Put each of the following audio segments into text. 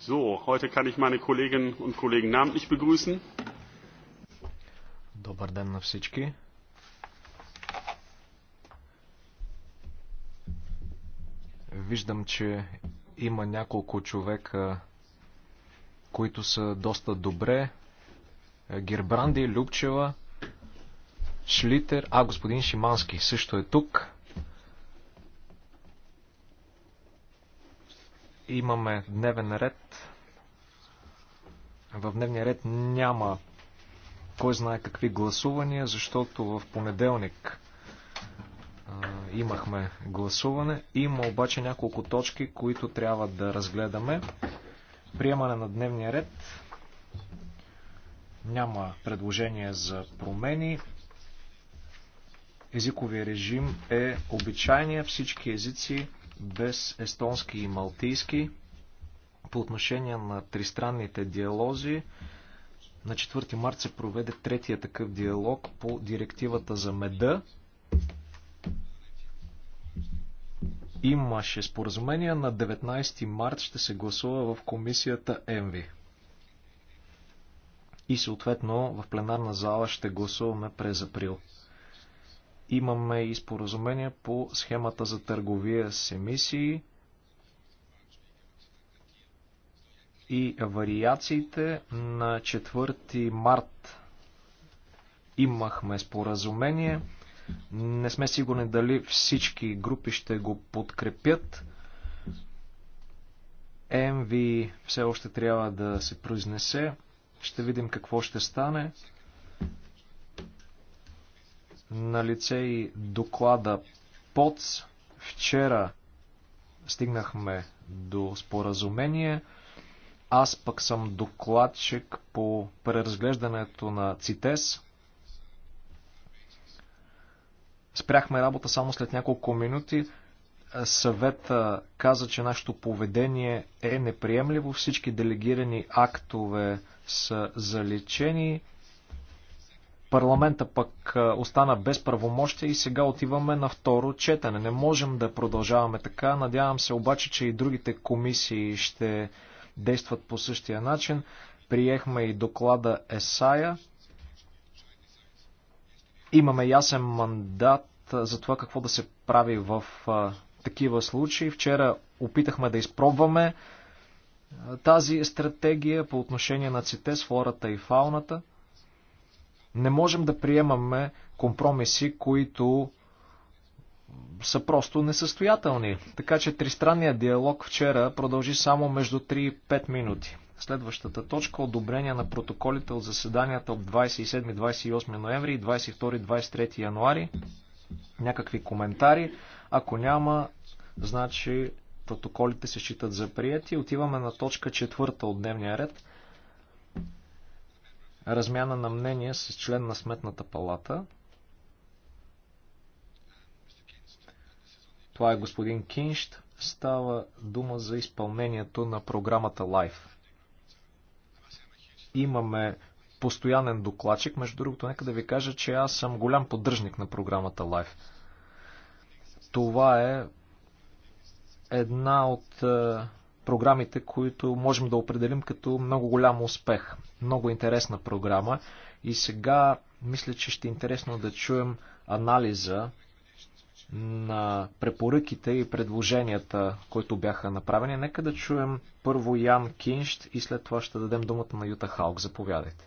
So, heute kann ich meine Kolleginnen und Kollegen namentlich begrüßen. Добър ден на всички. Виждам, че има няколко човека, които са доста добре. Гербранди, Любчева, Шлитер, а господин Шимански също е тук. Имаме дневен ред. В дневния ред няма кой знае какви гласувания, защото в понеделник имахме гласуване. Има обаче няколко точки, които трябва да разгледаме. Приемане на дневния ред. Няма предложение за промени. Езиковия режим е обичайния. Всички езици без естонски и малтийски. По отношение на тристранните диалози, на 4 март се проведе третия такъв диалог по директивата за меда. Имаше споразумение на 19 март ще се гласува в комисията ЕМВИ. И съответно в пленарна зала ще гласуваме през април. Имаме и споразумение по схемата за търговия с емисии и вариациите на 4 март имахме споразумение. Не сме сигурни дали всички групи ще го подкрепят. МВ все още трябва да се произнесе. Ще видим какво ще стане на лице и доклада ПОЦ. Вчера стигнахме до споразумение. Аз пък съм докладчик по преразглеждането на ЦИТЕС. Спряхме работа само след няколко минути. Съвета каза, че нашето поведение е неприемливо. Всички делегирани актове са заличени. Парламента пък остана без правомощия и сега отиваме на второ четене. Не можем да продължаваме така. Надявам се обаче, че и другите комисии ще действат по същия начин. Приехме и доклада Есая. Имаме ясен мандат за това какво да се прави в такива случаи. Вчера опитахме да изпробваме тази стратегия по отношение на ЦИТЕС, флората и фауната – не можем да приемаме компромиси, които са просто несъстоятелни. Така че тристранният диалог вчера продължи само между 3 и 5 минути. Следващата точка – одобрение на протоколите от заседанията от 27-28 ноември и 22-23 януари. Някакви коментари. Ако няма, значи протоколите се считат за прияти. Отиваме на точка четвърта от дневния ред – размяна на мнение с член на Сметната палата. Това е господин Киншт. Става дума за изпълнението на програмата LIFE. Имаме постоянен докладчик. Между другото, нека да ви кажа, че аз съм голям поддръжник на програмата LIFE. Това е една от е, програмите, които можем да определим като много голям успех. Много интересна програма. И сега мисля, че ще е интересно да чуем анализа на препоръките и предложенията, които бяха направени. Нека да чуем първо Ян Киншт и след това ще дадем думата на Юта Халк. Заповядайте.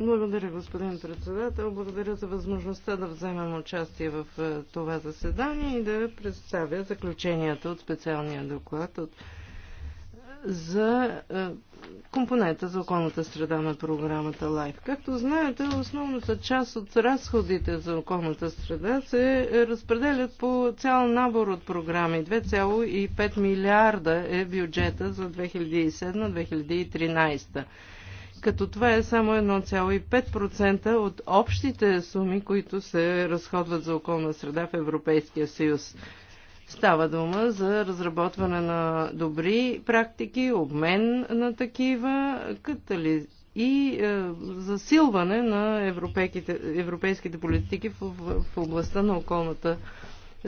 Благодаря, господин председател. Благодаря за възможността да вземем участие в е, това заседание и да представя заключенията от специалния доклад от за е, компонента за околната среда на програмата LIFE. Както знаете, основната част от разходите за околната среда се е, разпределят по цял набор от програми. 2,5 милиарда е бюджета за 2007-2013 като това е само 1,5% от общите суми, които се разходват за околна среда в Европейския съюз. Става дума за разработване на добри практики, обмен на такива катали... и е, засилване на европейските, европейските политики в, в, в областта на околната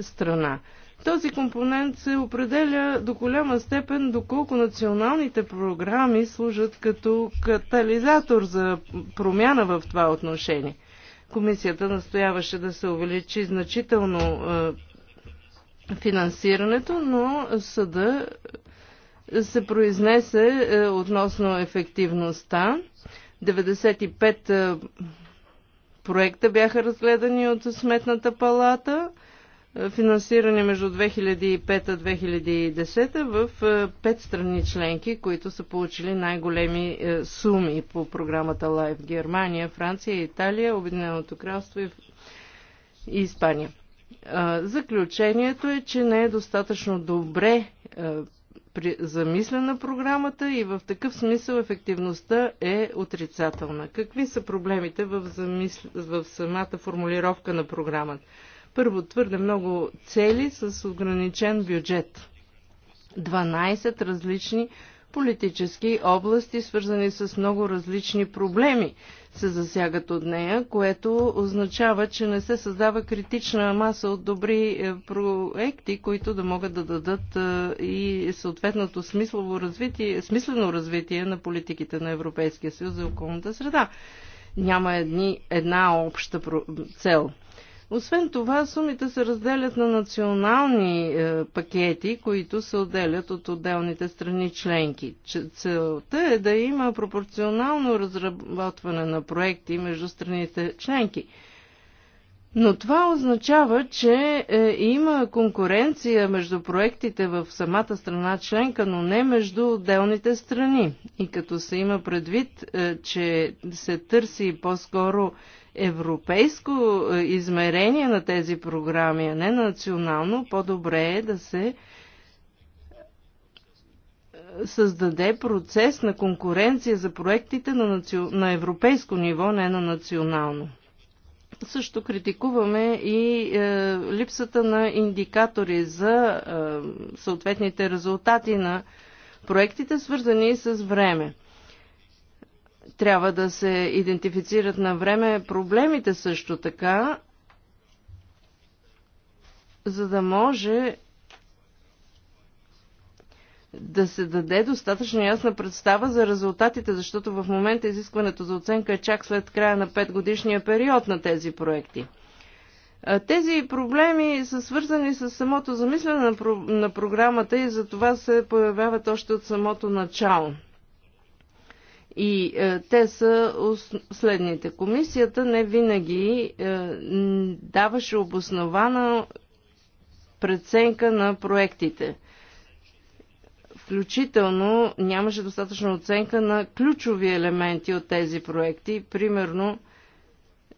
страна. Този компонент се определя до голяма степен доколко националните програми служат като катализатор за промяна в това отношение. Комисията настояваше да се увеличи значително е, финансирането, но съда се произнесе е, относно ефективността. 95 е, проекта бяха разгледани от Сметната палата, е, финансирани между 2005-2010 в 5 страни членки, които са получили най-големи суми по програмата LIFE Германия, Франция, Италия, Обединеното кралство и Испания. Заключението е, че не е достатъчно добре замислена програмата и в такъв смисъл ефективността е отрицателна. Какви са проблемите в, замисл... в самата формулировка на програмата? Първо, твърде много цели с ограничен бюджет. 12 различни политически области, свързани с много различни проблеми се засягат от нея, което означава, че не се създава критична маса от добри е, проекти, които да могат да дадат е, и съответното смислово развитие, смислено развитие на политиките на Европейския съюз за околната среда. Няма едни, една обща цел. Освен това, сумите се разделят на национални е, пакети, които се отделят от отделните страни членки. Целта е да има пропорционално разработване на проекти между страните членки. Но това означава, че е, има конкуренция между проектите в самата страна членка, но не между отделните страни. И като се има предвид, е, че се търси по-скоро европейско е, измерение на тези програми, а не национално, по-добре е да се е, създаде процес на конкуренция за проектите на, наци... на европейско ниво, не на национално. Също критикуваме и е, липсата на индикатори за е, съответните резултати на проектите, свързани с време. Трябва да се идентифицират на време проблемите също така, за да може да се даде достатъчно ясна представа за резултатите, защото в момента изискването за оценка е чак след края на 5 годишния период на тези проекти. Тези проблеми са свързани с самото замислене на, про- на програмата и за това се появяват още от самото начало. И е, те са следните. Комисията не винаги е, даваше обоснована преценка на проектите. Включително нямаше достатъчно оценка на ключови елементи от тези проекти. Примерно,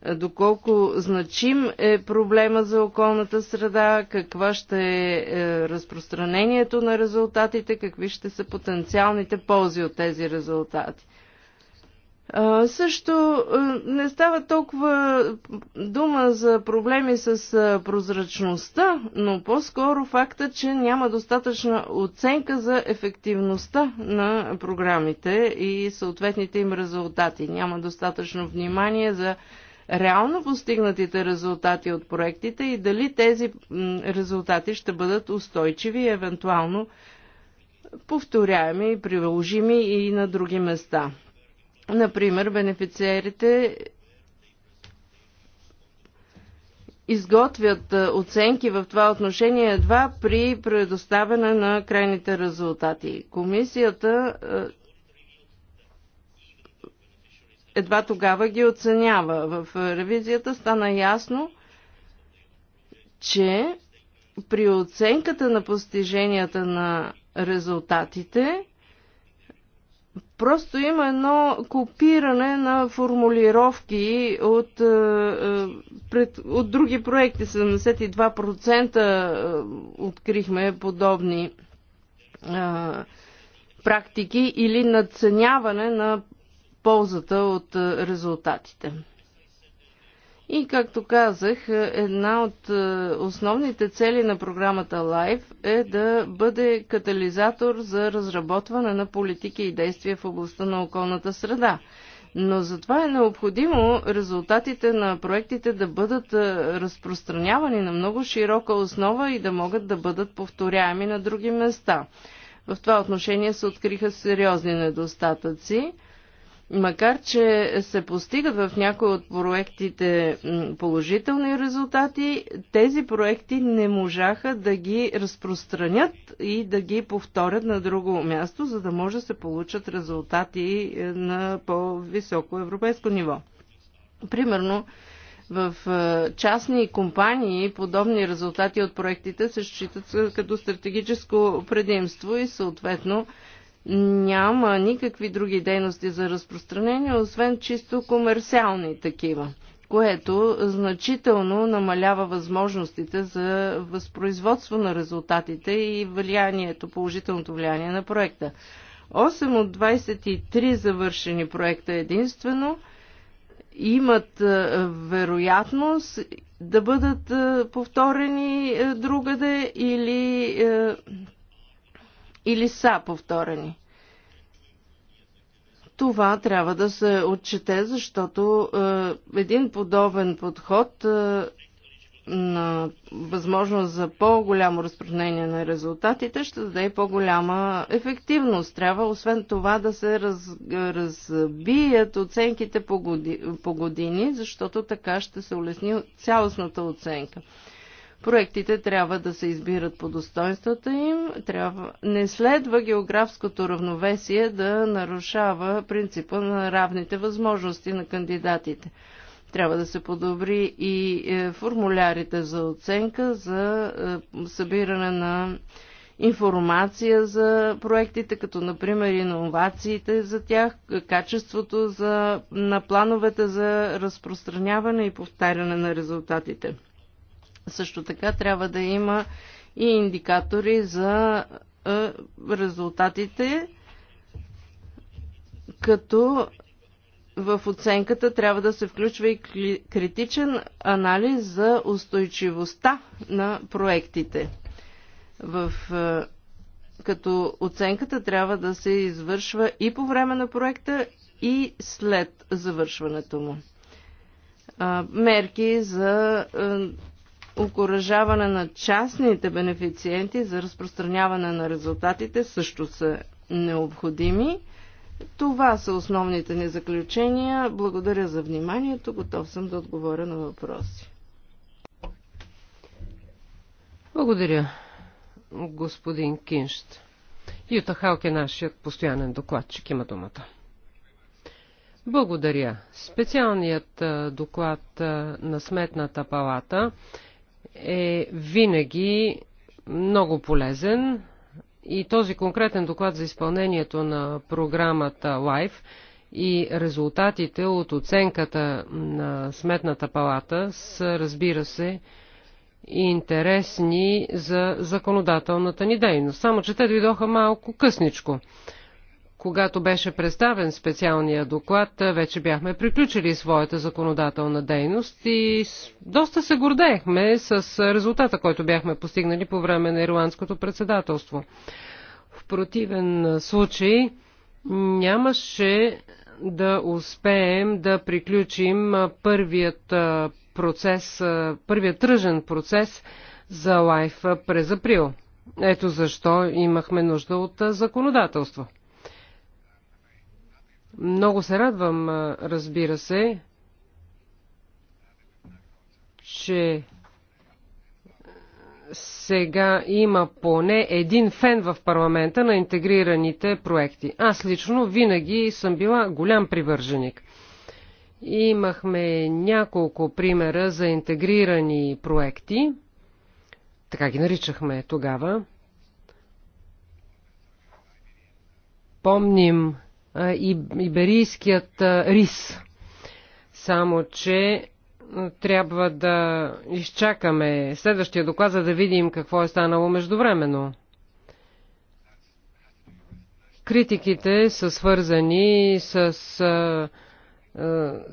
е, доколко значим е проблема за околната среда, каква ще е, е разпространението на резултатите, какви ще са потенциалните ползи от тези резултати. Също не става толкова дума за проблеми с прозрачността, но по-скоро факта, че няма достатъчна оценка за ефективността на програмите и съответните им резултати. Няма достатъчно внимание за реално постигнатите резултати от проектите и дали тези резултати ще бъдат устойчиви и евентуално повторяеми, приложими и на други места. Например, бенефициерите изготвят оценки в това отношение едва при предоставяне на крайните резултати. Комисията едва тогава ги оценява. В ревизията стана ясно, че при оценката на постиженията на резултатите Просто има едно копиране на формулировки от, е, е, от други проекти. 72% е, открихме подобни практики или надценяване на ползата от резултатите. И, както казах, една от е, основните цели на програмата LIFE е да бъде катализатор за разработване на политики и действия в областта на околната среда. Но затова е необходимо резултатите на проектите да бъдат е, разпространявани на много широка основа и да могат да бъдат повторяеми на други места. В това отношение се откриха сериозни недостатъци. Макар, че се постигат в някои от проектите положителни резултати, тези проекти не можаха да ги разпространят и да ги повторят на друго място, за да може да се получат резултати е, на по-високо европейско ниво. Примерно, в е, частни компании подобни резултати от проектите се считат като стратегическо предимство и съответно няма никакви други дейности за разпространение, освен чисто комерциални такива, което значително намалява възможностите за възпроизводство на резултатите и влиянието, положителното влияние на проекта. 8 от 23 завършени проекта единствено имат е, вероятност да бъдат е, повторени е, другаде или или са повторени. Това трябва да се отчете, защото е, един подобен подход е, на възможност за по-голямо разпространение на резултатите ще даде и по-голяма ефективност. Трябва освен това да се раз, разбият оценките по, годи, по години, защото така ще се улесни цялостната оценка. Проектите трябва да се избират по достоинствата им, трябва... не следва географското равновесие да нарушава принципа на равните възможности на кандидатите. Трябва да се подобри и е, формулярите за оценка, за е, събиране на информация за проектите, като например иновациите за тях, качеството за, на плановете за разпространяване и повтаряне на резултатите. Също така трябва да има и индикатори за е, резултатите, като в оценката трябва да се включва и критичен анализ за устойчивостта на проектите. В, е, като оценката трябва да се извършва и по време на проекта, и след завършването му. Мерки за е, Окоръжаване на частните бенефициенти за разпространяване на резултатите също са необходими. Това са основните ни заключения. Благодаря за вниманието. Готов съм да отговоря на въпроси. Благодаря, господин Киншт. Юта Халк е нашият постоянен докладчик. Има думата. Благодаря. Специалният доклад на Сметната палата е винаги много полезен и този конкретен доклад за изпълнението на програмата LIFE и резултатите от оценката на Сметната палата са, разбира се, интересни за законодателната ни дейност. Само, че те дойдоха малко късничко когато беше представен специалния доклад, вече бяхме приключили своята законодателна дейност и доста се гордеехме с резултата, който бяхме постигнали по време на ирландското председателство. В противен случай нямаше да успеем да приключим първият процес, първият тръжен процес за лайф през април. Ето защо имахме нужда от законодателство. Много се радвам, разбира се, че сега има поне един фен в парламента на интегрираните проекти. Аз лично винаги съм била голям привърженик. Имахме няколко примера за интегрирани проекти, така ги наричахме тогава. Помним иберийският рис. Само, че трябва да изчакаме следващия доклад, за да видим какво е станало междувременно. Критиките са свързани с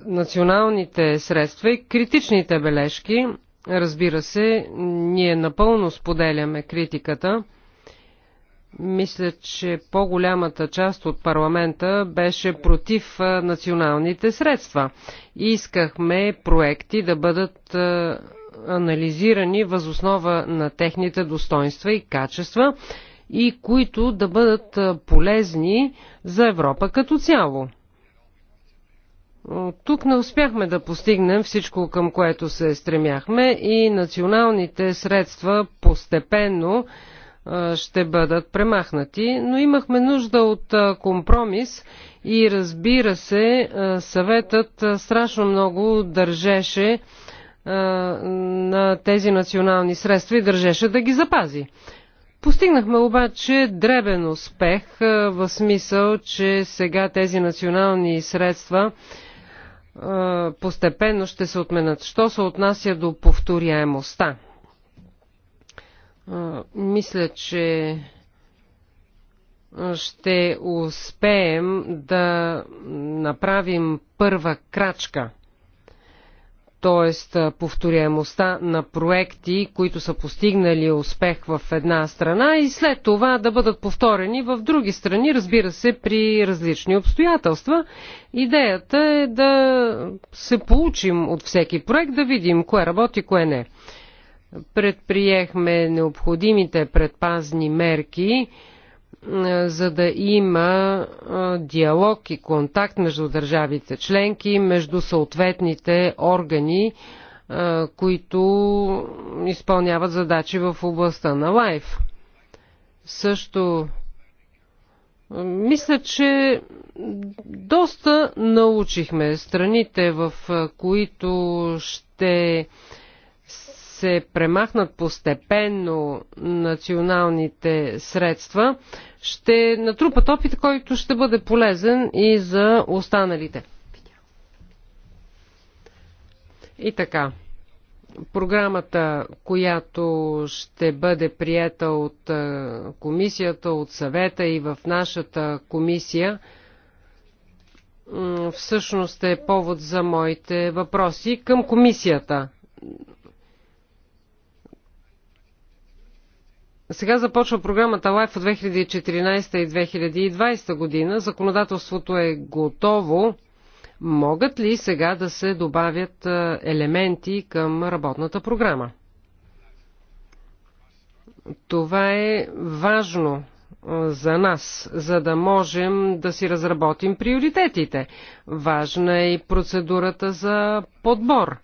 националните средства и критичните бележки. Разбира се, ние напълно споделяме критиката. Мисля, че по-голямата част от парламента беше против националните средства. Искахме проекти да бъдат анализирани възоснова на техните достоинства и качества и които да бъдат полезни за Европа като цяло. Тук не успяхме да постигнем всичко, към което се стремяхме и националните средства постепенно ще бъдат премахнати, но имахме нужда от компромис и разбира се, съветът страшно много държеше на тези национални средства и държеше да ги запази. Постигнахме обаче дребен успех в смисъл, че сега тези национални средства постепенно ще се отменят. Що се отнася до повторяемостта? Мисля, че ще успеем да направим първа крачка, т.е. повторяемостта на проекти, които са постигнали успех в една страна и след това да бъдат повторени в други страни, разбира се, при различни обстоятелства. Идеята е да се получим от всеки проект, да видим кое работи, кое не. Предприехме необходимите предпазни мерки, е, за да има е, диалог и контакт между държавите членки, между съответните органи, е, които изпълняват задачи в областта на лайф. Също мисля, че доста научихме страните, в които ще се премахнат постепенно националните средства, ще натрупат опит, който ще бъде полезен и за останалите. И така, програмата, която ще бъде приета от комисията, от съвета и в нашата комисия, всъщност е повод за моите въпроси към комисията. Сега започва програмата LIFE от 2014 и 2020 година. Законодателството е готово. Могат ли сега да се добавят елементи към работната програма? Това е важно за нас, за да можем да си разработим приоритетите. Важна е и процедурата за подбор.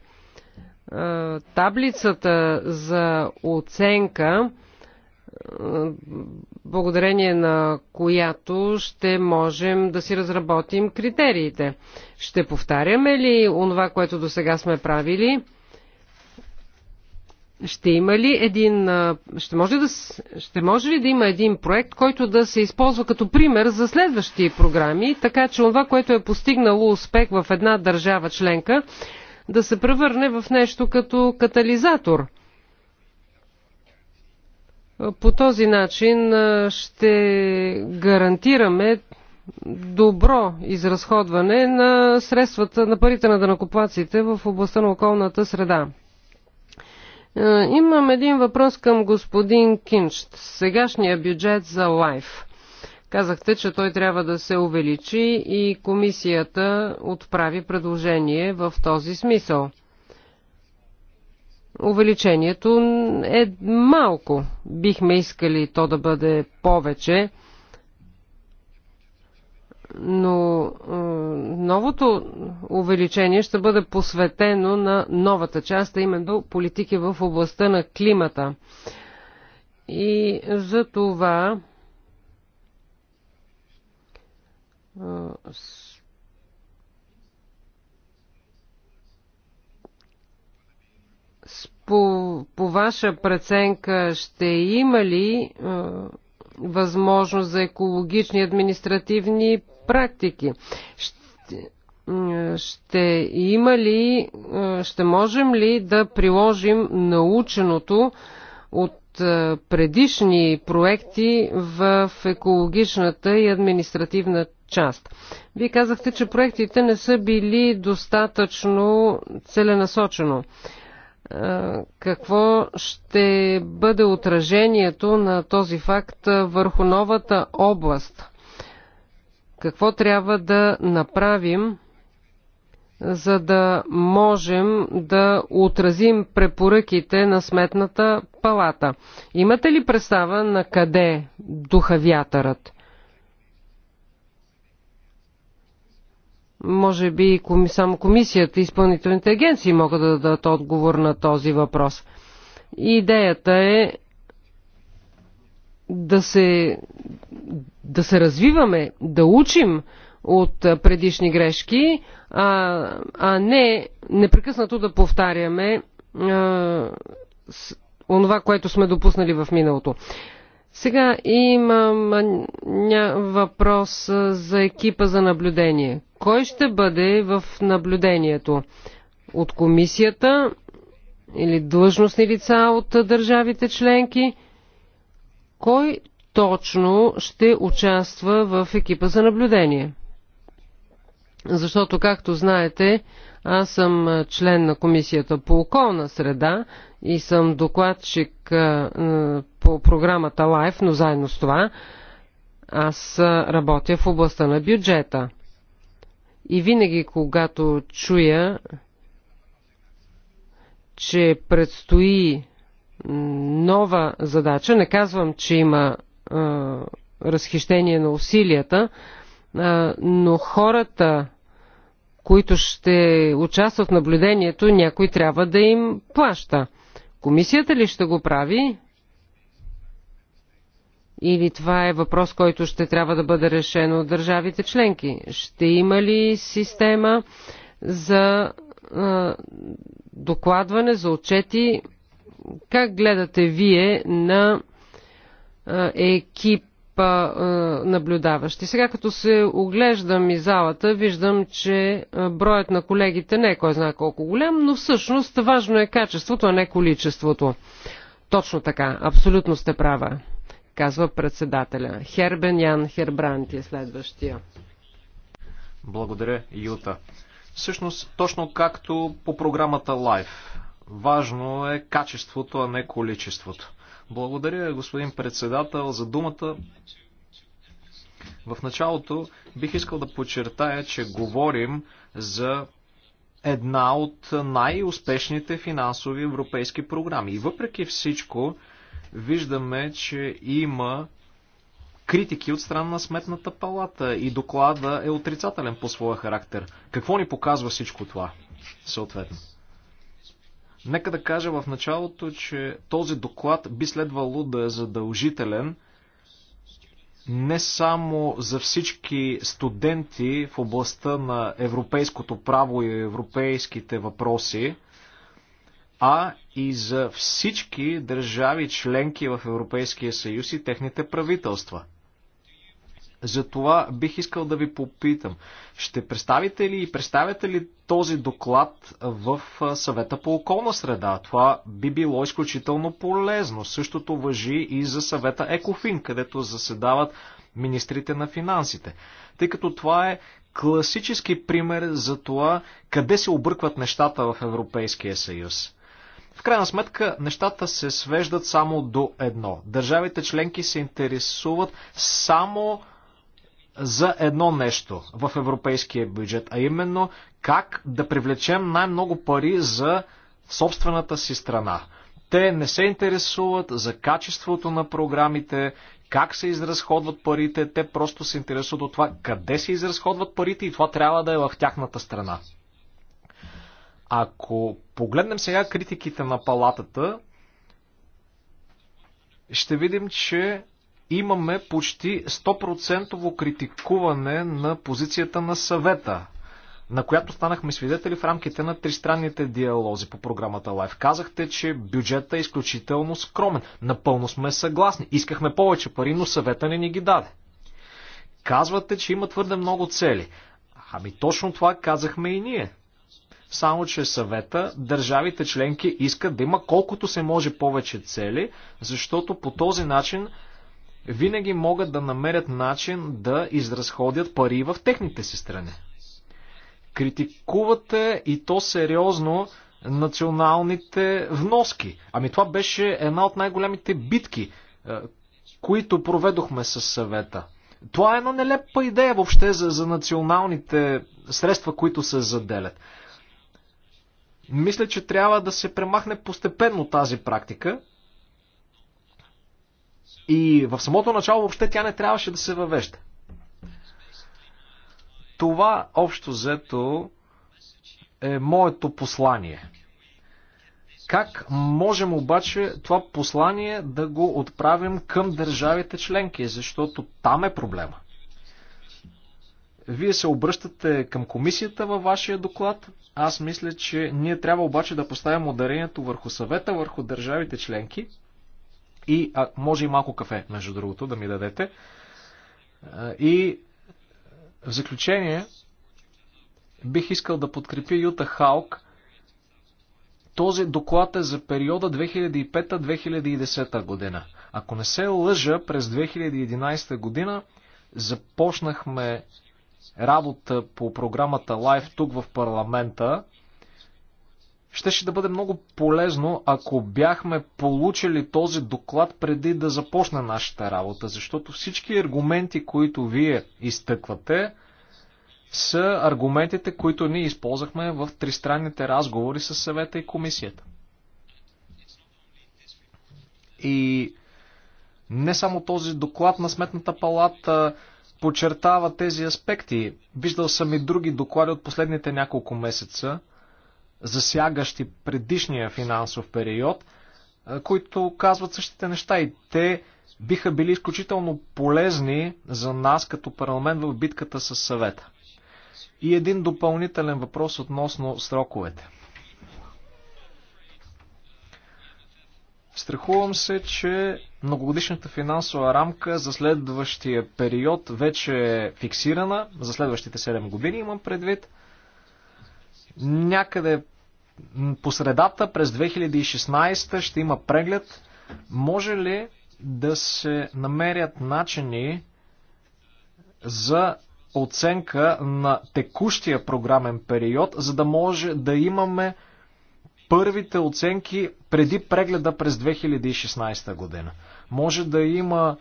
Таблицата за оценка благодарение на която ще можем да си разработим критериите. Ще повтаряме ли онова, което до сега сме правили? Ще има ли един, ще може, ли да, ще може ли да има един проект, който да се използва като пример за следващи програми, така че това, което е постигнало успех в една държава членка, да се превърне в нещо като катализатор – по този начин ще гарантираме добро изразходване на средствата на парите на дънакоплаците в областта на околната среда. Имам един въпрос към господин Кинч. Сегашния бюджет за лайф. Казахте, че той трябва да се увеличи и комисията отправи предложение в този смисъл увеличението е малко. Бихме искали то да бъде повече, но е, новото увеличение ще бъде посветено на новата част, а именно политики в областта на климата. И за това е, по, по ваша преценка ще има ли е, възможност за екологични административни практики? Ще, е, ще има ли, е, ще можем ли да приложим наученото от е, предишни проекти в екологичната и административна част. Вие казахте, че проектите не са били достатъчно целенасочено. Е, какво ще бъде отражението на този факт върху новата област? Какво трябва да направим, за да можем да отразим препоръките на Сметната палата? Имате ли представа на къде духа вятърът? Може би само комисията и изпълнителните агенции могат да дадат отговор на този въпрос. Идеята е да се, да се развиваме, да учим от предишни грешки, а, а не непрекъснато да повтаряме а, с, онова, което сме допуснали в миналото. Сега имам въпрос за екипа за наблюдение. Кой ще бъде в наблюдението? От комисията или длъжностни лица от държавите членки? Кой точно ще участва в екипа за наблюдение? Защото, както знаете, аз съм член на Комисията по околна среда и съм докладчик по програмата Лайф, но заедно с това аз работя в областта на бюджета. И винаги, когато чуя, че предстои нова задача, не казвам, че има е, разхищение на усилията, е, но хората, които ще участват в наблюдението, някой трябва да им плаща. Комисията ли ще го прави? Или това е въпрос, който ще трябва да бъде решен от държавите членки? Ще има ли система за а, докладване, за отчети? Как гледате вие на а, екип а, наблюдаващи? Сега като се оглеждам и залата, виждам, че броят на колегите не е кой знае колко голям, но всъщност важно е качеството, а не количеството. Точно така, абсолютно сте права казва председателя. Хербен Ян Хербранти е следващия. Благодаря, Юта. Всъщност, точно както по програмата Live. Важно е качеството, а не количеството. Благодаря, господин председател, за думата. В началото бих искал да подчертая, че говорим за една от най-успешните финансови европейски програми. И въпреки всичко, виждаме, че има критики от страна на Сметната палата и доклада е отрицателен по своя характер. Какво ни показва всичко това, съответно? Нека да кажа в началото, че този доклад би следвало да е задължителен не само за всички студенти в областта на европейското право и европейските въпроси, а и за всички държави членки в Европейския съюз и техните правителства. Затова бих искал да ви попитам, ще представите ли и представяте ли този доклад в съвета по околна среда? Това би било изключително полезно. Същото въжи и за съвета Екофин, където заседават министрите на финансите. Тъй като това е класически пример за това къде се объркват нещата в Европейския съюз. В крайна сметка нещата се свеждат само до едно. Държавите членки се интересуват само за едно нещо в европейския бюджет, а именно как да привлечем най-много пари за собствената си страна. Те не се интересуват за качеството на програмите, как се изразходват парите, те просто се интересуват от това къде се изразходват парите и това трябва да е в тяхната страна. Ако погледнем сега критиките на палатата, ще видим, че имаме почти 100% критикуване на позицията на съвета, на която станахме свидетели в рамките на тристранните диалози по програмата Life. Казахте, че бюджетът е изключително скромен. Напълно сме съгласни. Искахме повече пари, но съвета не ни ги даде. Казвате, че има твърде много цели. Ами точно това казахме и ние. Само, че съвета, държавите членки искат да има колкото се може повече цели, защото по този начин винаги могат да намерят начин да изразходят пари в техните си страни. Критикувате и то сериозно националните вноски. Ами това беше една от най-големите битки, е, които проведохме със съвета. Това е една нелепа идея въобще за, за националните средства, които се заделят. Мисля, че трябва да се премахне постепенно тази практика. И в самото начало въобще тя не трябваше да се въвежда. Това общо взето е моето послание. Как можем обаче това послание да го отправим към държавите членки, защото там е проблема. Вие се обръщате към комисията във вашия доклад. Аз мисля, че ние трябва обаче да поставим ударението върху съвета, върху държавите членки. И а, може и малко кафе, между другото, да ми дадете. И в заключение, бих искал да подкрепя Юта Халк. Този доклад е за периода 2005-2010 година. Ако не се лъжа, през 2011 година започнахме работа по програмата Live тук в парламента, щеше да бъде много полезно, ако бяхме получили този доклад преди да започне нашата работа, защото всички аргументи, които вие изтъквате, са аргументите, които ние използвахме в тристранните разговори с съвета и комисията. И не само този доклад на Сметната палата, подчертава тези аспекти. Виждал съм и други доклади от последните няколко месеца, засягащи предишния финансов период, които казват същите неща и те биха били изключително полезни за нас като парламент в битката с съвета. И един допълнителен въпрос относно сроковете. Страхувам се, че многогодишната финансова рамка за следващия период вече е фиксирана, за следващите 7 години имам предвид. Някъде по средата през 2016 ще има преглед. Може ли да се намерят начини за оценка на текущия програмен период, за да може да имаме първите оценки преди прегледа през 2016 година. Може да има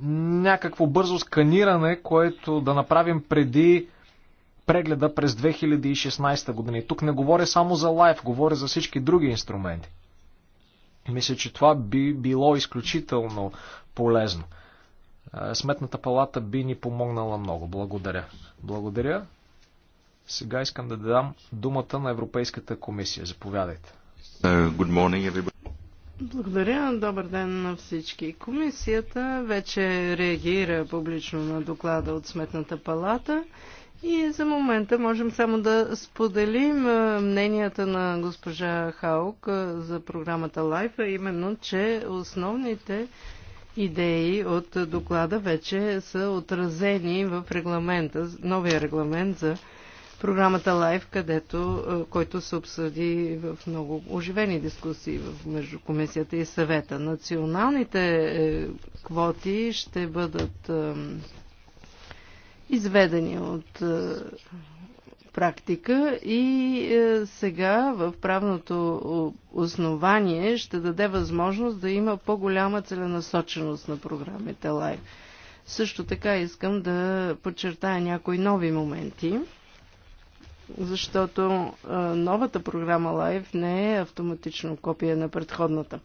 някакво бързо сканиране, което да направим преди прегледа през 2016 година. И тук не говоря само за лайф, говоря за всички други инструменти. Мисля, че това би било изключително полезно. Е, Сметната палата би ни помогнала много. Благодаря. Благодаря. Сега искам да дам думата на Европейската комисия. Заповядайте. Uh, Благодаря. Добър ден на всички. Комисията вече реагира публично на доклада от Сметната палата и за момента можем само да споделим мненията на госпожа Хаук за програмата Лайф, а именно, че основните идеи от доклада вече са отразени в регламента, новия регламент за програмата Лайв, където, е, който се обсъди в много оживени дискусии между комисията и съвета. Националните е, квоти ще бъдат е, изведени от практика и сега в правното основание ще даде възможност да има по-голяма целенасоченост на програмите Лайв. Също така искам да подчертая някои нови моменти защото новата програма Live не е автоматично копия на предходната.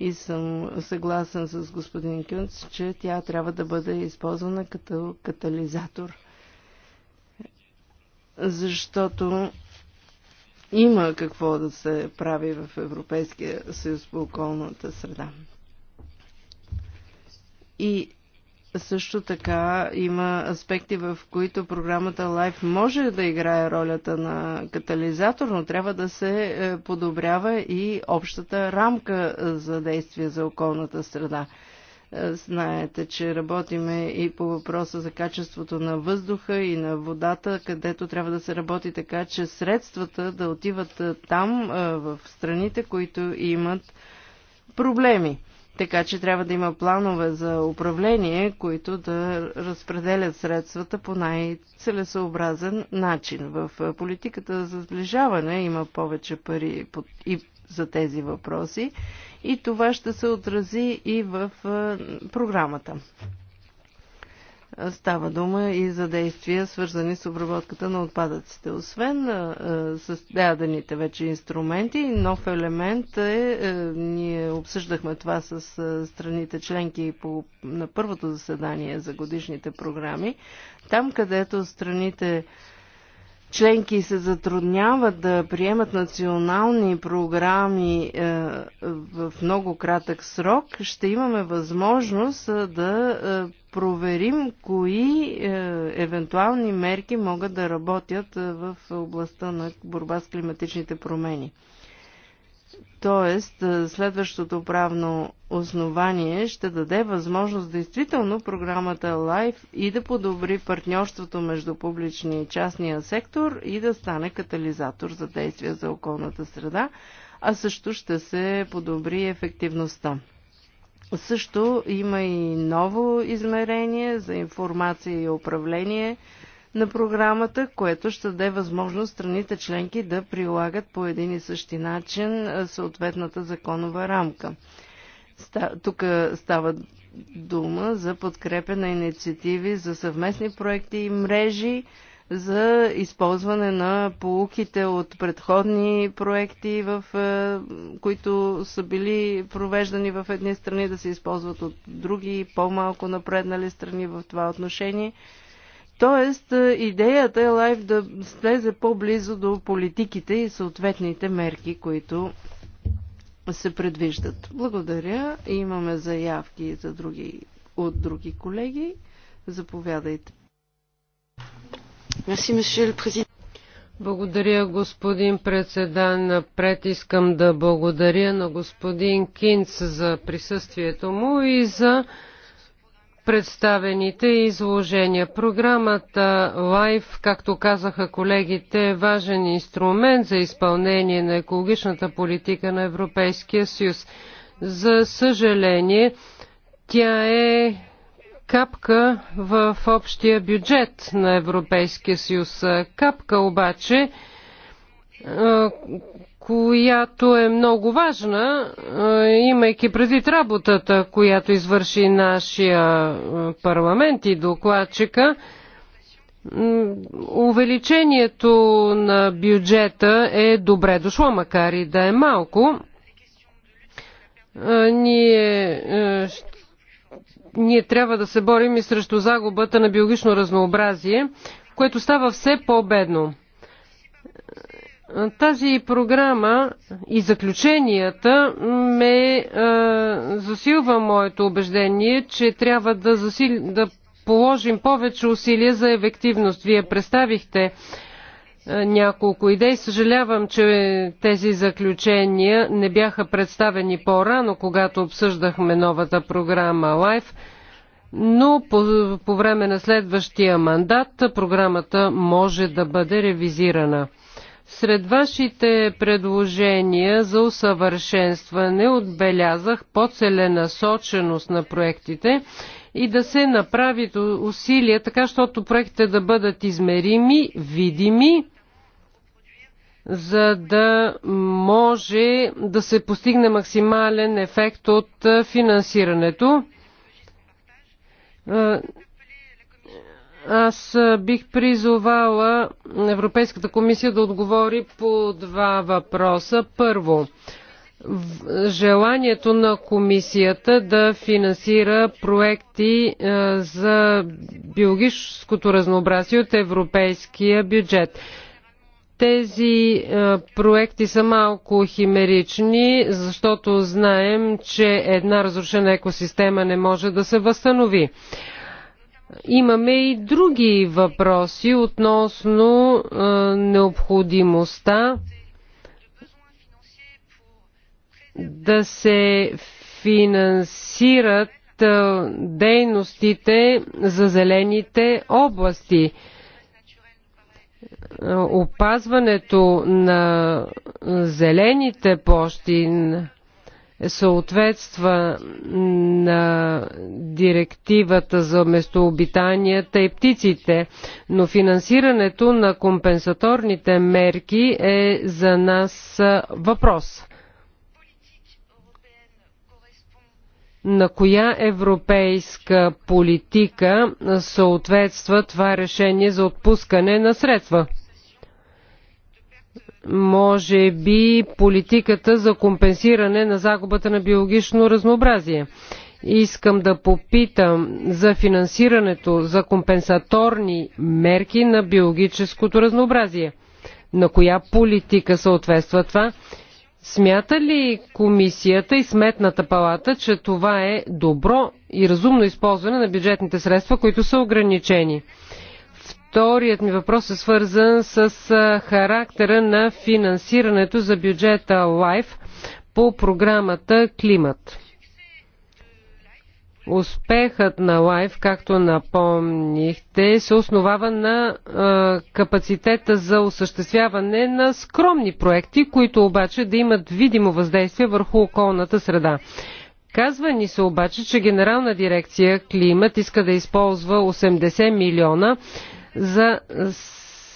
И съм съгласен с господин Кюнц, че тя трябва да бъде използвана като катализатор. Защото има какво да се прави в Европейския съюз по околната среда. И също така има аспекти, в които програмата LIFE може да играе ролята на катализатор, но трябва да се е, подобрява и общата рамка е, за действие за околната среда. Е, знаете, че работиме и по въпроса за качеството на въздуха и на водата, където трябва да се работи така, че средствата да отиват там, в страните, които имат проблеми така че трябва да има планове за управление, които да разпределят средствата по най-целесообразен начин. В политиката за сближаване има повече пари и за тези въпроси и това ще се отрази и в програмата. Става дума и за действия, свързани с обработката на отпадъците. Освен а, с дадените вече инструменти, нов елемент е, е, ние обсъждахме това с а, страните членки по, на първото заседание за годишните програми. Там, където страните членки се затрудняват да приемат национални програми е, в много кратък срок, ще имаме възможност е, да е, проверим кои евентуални мерки могат да работят в областта на борба с климатичните промени. Тоест, следващото правно основание ще даде възможност действително програмата LIFE и да подобри партньорството между публичния и частния сектор и да стане катализатор за действия за околната среда, а също ще се подобри ефективността. Също има и ново измерение за информация и управление – на програмата, което ще даде възможност страните членки да прилагат по един и същи начин съответната законова рамка. Тук става дума за подкрепа на инициативи за съвместни проекти и мрежи, за използване на полуките от предходни проекти, в, които са били провеждани в едни страни, да се използват от други по-малко напреднали страни в това отношение – Тоест, е, идеята е лайф да слезе по-близо до политиките и съответните мерки, които се предвиждат. Благодаря. Имаме заявки за други, от други колеги. Заповядайте. Благодаря, господин председан, Напред искам да благодаря на господин Кинц за присъствието му и за представените изложения. Програмата LIFE, както казаха колегите, е важен инструмент за изпълнение на екологичната политика на Европейския съюз. За съжаление, тя е капка в общия бюджет на Европейския съюз. Капка обаче, която е много важна, е, имайки предвид работата, която извърши нашия е, парламент и докладчика. Увеличението на бюджета е добре дошло, макар и да е малко. Е, ние, ние трябва да се борим и срещу загубата на биологично разнообразие, което става все по-бедно. Тази програма и заключенията ме е, засилва моето убеждение, че трябва да, засили, да положим повече усилия за ефективност. Вие представихте няколко идеи. Съжалявам, че тези заключения не бяха представени по-рано, когато обсъждахме новата програма LIFE, но по, по време на следващия мандат програмата може да бъде ревизирана. Сред вашите предложения за усъвършенстване отбелязах по-целенасоченост на проектите и да се направят усилия, така защото проектите да бъдат измерими, видими, за да може да се постигне максимален ефект от финансирането аз бих призовала Европейската комисия да отговори по два въпроса. Първо, желанието на комисията да финансира проекти за биологическото разнообразие от европейския бюджет. Тези проекти са малко химерични, защото знаем, че една разрушена екосистема не може да се възстанови. Имаме и други въпроси относно а, е, необходимостта да се финансират е, дейностите за зелените области. Е, опазването на зелените площи, съответства на директивата за местообитанията и птиците, но финансирането на компенсаторните мерки е за нас въпрос. На коя европейска политика съответства това решение за отпускане на средства? може би политиката за компенсиране на загубата на биологично разнообразие. Искам да попитам за финансирането за компенсаторни мерки на биологическото разнообразие. На коя политика съответства това? Смята ли комисията и сметната палата, че това е добро и разумно използване на бюджетните средства, които са ограничени? Вторият ми въпрос е свързан с характера на финансирането за бюджета LIFE по програмата Климат. Успехът на Лайф, както напомнихте, се основава на е, капацитета за осъществяване на скромни проекти, които обаче да имат видимо въздействие върху околната среда. Казва ни се обаче, че Генерална дирекция Климат иска да използва 80 милиона за,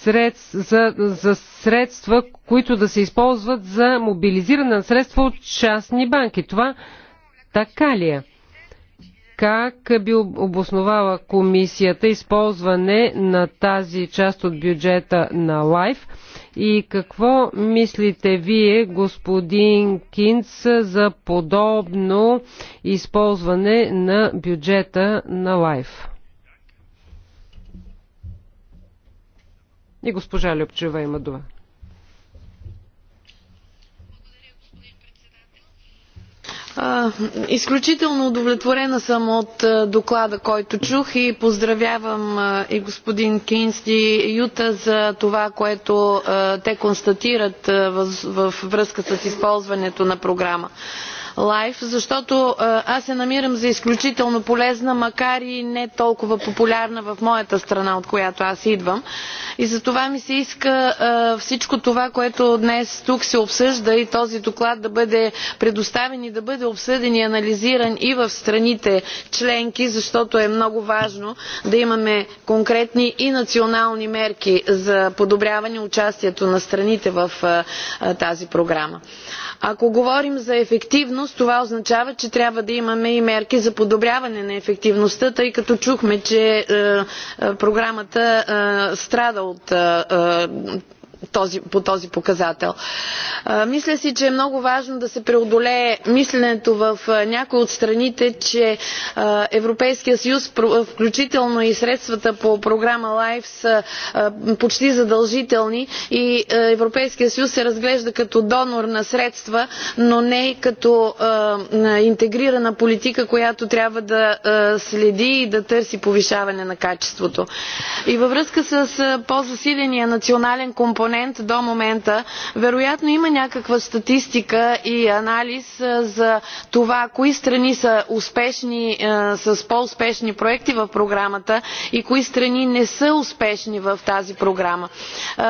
средства, за, за средства, които да се използват за мобилизиране на средства от частни банки. Това така ли е? Как би обосновала комисията използване на тази част от бюджета на Лайф? И какво мислите вие, господин Кинц, за подобно използване на бюджета на Лайф? И госпожа Любчева има дума. Изключително удовлетворена съм от доклада, който чух и поздравявам и господин Кинсти и Юта за това, което те констатират във връзка с използването на програма лайф защото аз я намирам за изключително полезна макар и не толкова популярна в моята страна от която аз идвам и затова ми се иска всичко това което днес тук се обсъжда и този доклад да бъде предоставен и да бъде обсъден и анализиран и в страните членки защото е много важно да имаме конкретни и национални мерки за подобряване участието на страните в тази програма. Ако говорим за ефективност, това означава, че трябва да имаме и мерки за подобряване на ефективността, тъй като чухме, че е, е, програмата е, страда от по този показател. Мисля си, че е много важно да се преодолее мисленето в някои от страните, че Европейския съюз, включително и средствата по програма LIFE са почти задължителни и Европейския съюз се разглежда като донор на средства, но не и като интегрирана политика, която трябва да следи и да търси повишаване на качеството. И във връзка с по-засиления национален компонент опонент до момента, вероятно има някаква статистика и анализ за това кои страни са успешни с по-успешни проекти в програмата и кои страни не са успешни в тази програма.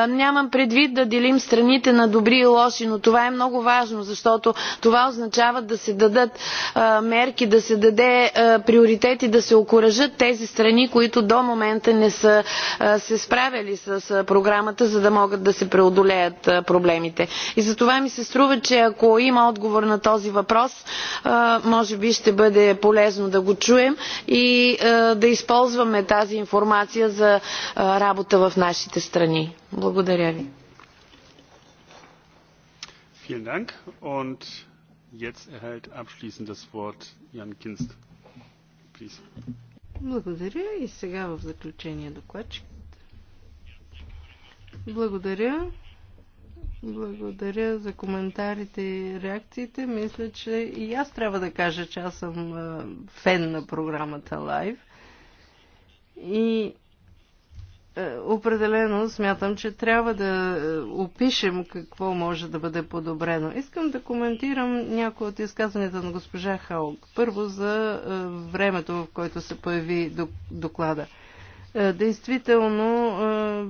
Нямам предвид да делим страните на добри и лоши, но това е много важно, защото това означава да се дадат мерки, да се даде приоритети, да се окоръжат тези страни, които до момента не са се справили с програмата, за да могат да да се преодолеят проблемите. И за това ми се струва, че ако има отговор на този въпрос, може би ще бъде полезно да го чуем и да използваме тази информация за работа в нашите страни. Благодаря ви. Vielen Dank. Und jetzt erhält abschließend das Wort Jan Kinst. Please. Благодаря. И сега в заключение докладчик. Благодаря. Благодаря за коментарите и реакциите. Мисля, че и аз трябва да кажа, че аз съм фен на програмата Лайв. И определено смятам, че трябва да опишем какво може да бъде подобрено. Искам да коментирам някои от изказванията на госпожа Хаук. Първо за времето, в което се появи доклада. Е, действително, е,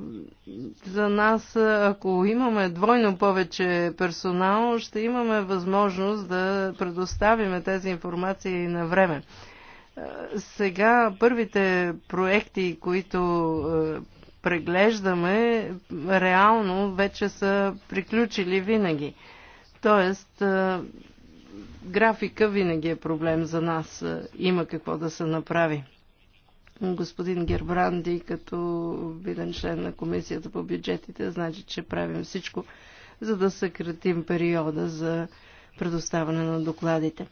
за нас, е, ако имаме двойно повече персонал, ще имаме възможност да предоставим тези информации на време. Сега първите проекти, които преглеждаме, реално вече са приключили винаги. Тоест, графика винаги е проблем за нас. Има какво да се направи господин Гербранди, като виден член на Комисията по бюджетите, значи, че правим всичко, за да съкратим периода за предоставане на докладите.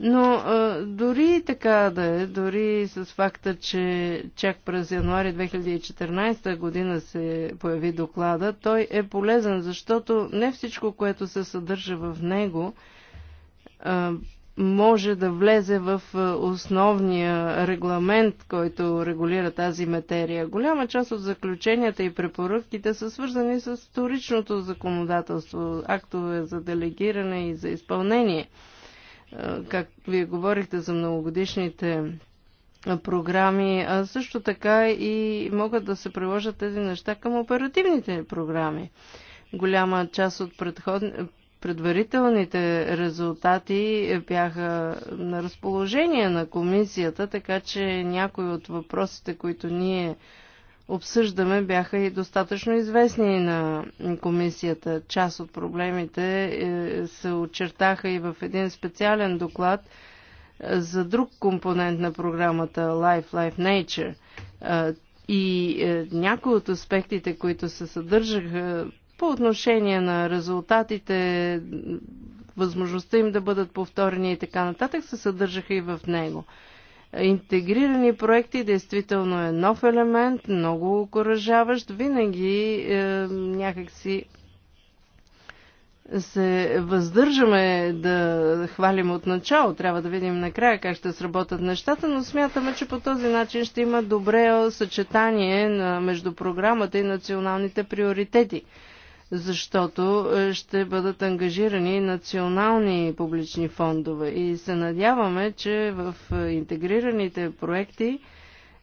Но а, дори така да е, дори с факта, че чак през януари 2014 година се появи доклада, той е полезен, защото не всичко, което се съдържа в него, а, може да влезе в е, основния регламент, който регулира тази материя. Голяма част от заключенията и препоръките са свързани с вторичното законодателство, актове за делегиране и за изпълнение. Е, как вие говорихте за многогодишните програми, а също така и могат да се приложат тези неща към оперативните програми. Голяма част от предход... Предварителните резултати бяха на разположение на комисията, така че някои от въпросите, които ние обсъждаме, бяха и достатъчно известни на комисията. Част от проблемите е, се очертаха и в един специален доклад за друг компонент на програмата Life, Life Nature. Е, и е, някои от аспектите, които се съдържаха по отношение на резултатите, възможността им да бъдат повторени и така нататък, се съдържаха и в него. Интегрирани проекти действително е нов елемент, много окоръжаващ, винаги е, някакси се въздържаме да хвалим от начало. Трябва да видим накрая как ще сработят нещата, но смятаме, че по този начин ще има добре съчетание на, между програмата и националните приоритети защото е, ще бъдат ангажирани национални публични фондове и се надяваме, че в е, интегрираните проекти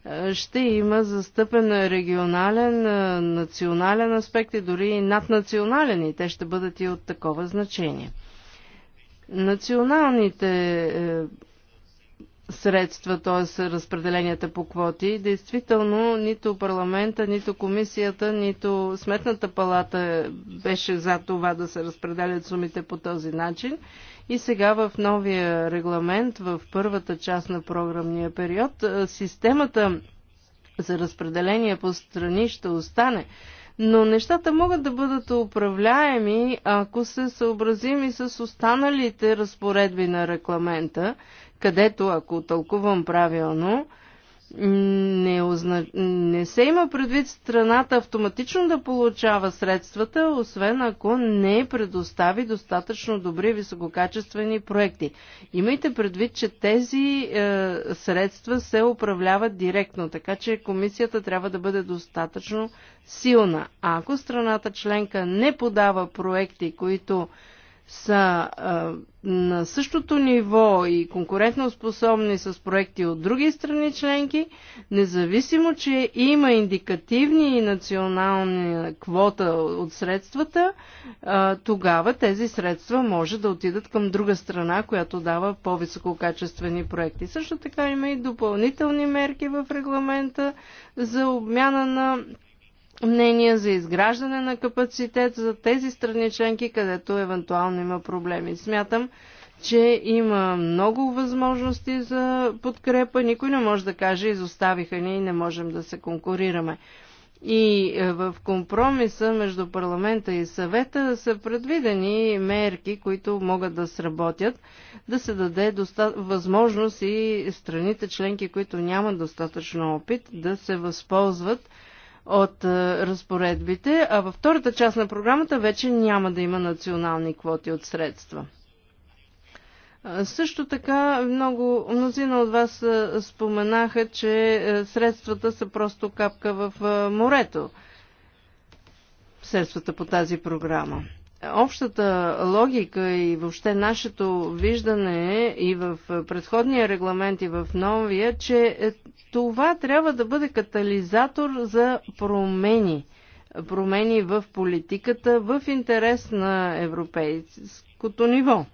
е, ще има застъпен регионален, национален аспект и дори и наднационален и те ще бъдат и от такова значение. Националните средства, т.е. разпределенията по квоти. Действително, нито парламента, нито комисията, нито сметната палата беше за това да се разпределят сумите по този начин. И сега в новия регламент, в първата част на програмния период, системата за разпределение по страни ще остане. Но нещата могат да бъдат управляеми, ако се съобразим и с останалите разпоредби на регламента, където, ако тълкувам правилно, не, озна... не се има предвид страната автоматично да получава средствата, освен ако не предостави достатъчно добри висококачествени проекти. Имайте предвид, че тези е, средства се управляват директно, така че комисията трябва да бъде достатъчно силна. А ако страната членка не подава проекти, които са а, на същото ниво и конкурентно способни с проекти от други страни членки, независимо, че има индикативни и национални квота от средствата, а, тогава тези средства може да отидат към друга страна, която дава по-висококачествени проекти. Също така има и допълнителни мерки в регламента за обмяна на мнения за изграждане на капацитет за тези страни членки, където евентуално има проблеми. Смятам, че има много възможности за подкрепа. Никой не може да каже, изоставиха ни и не можем да се конкурираме. И е, в компромиса между парламента и съвета са предвидени мерки, които могат да сработят, да се даде доста... възможност и страните членки, които нямат достатъчно опит, да се възползват от е, разпоредбите, а във втората част на програмата вече няма да има национални квоти от средства. Е, също така, много, мнозина от вас е, споменаха, че средствата са просто капка в морето. Средствата по тази програма общата логика и въобще нашето виждане и в предходния регламент и в новия, че е, това трябва да бъде катализатор за промени. Промени в политиката в интерес на европейското ниво.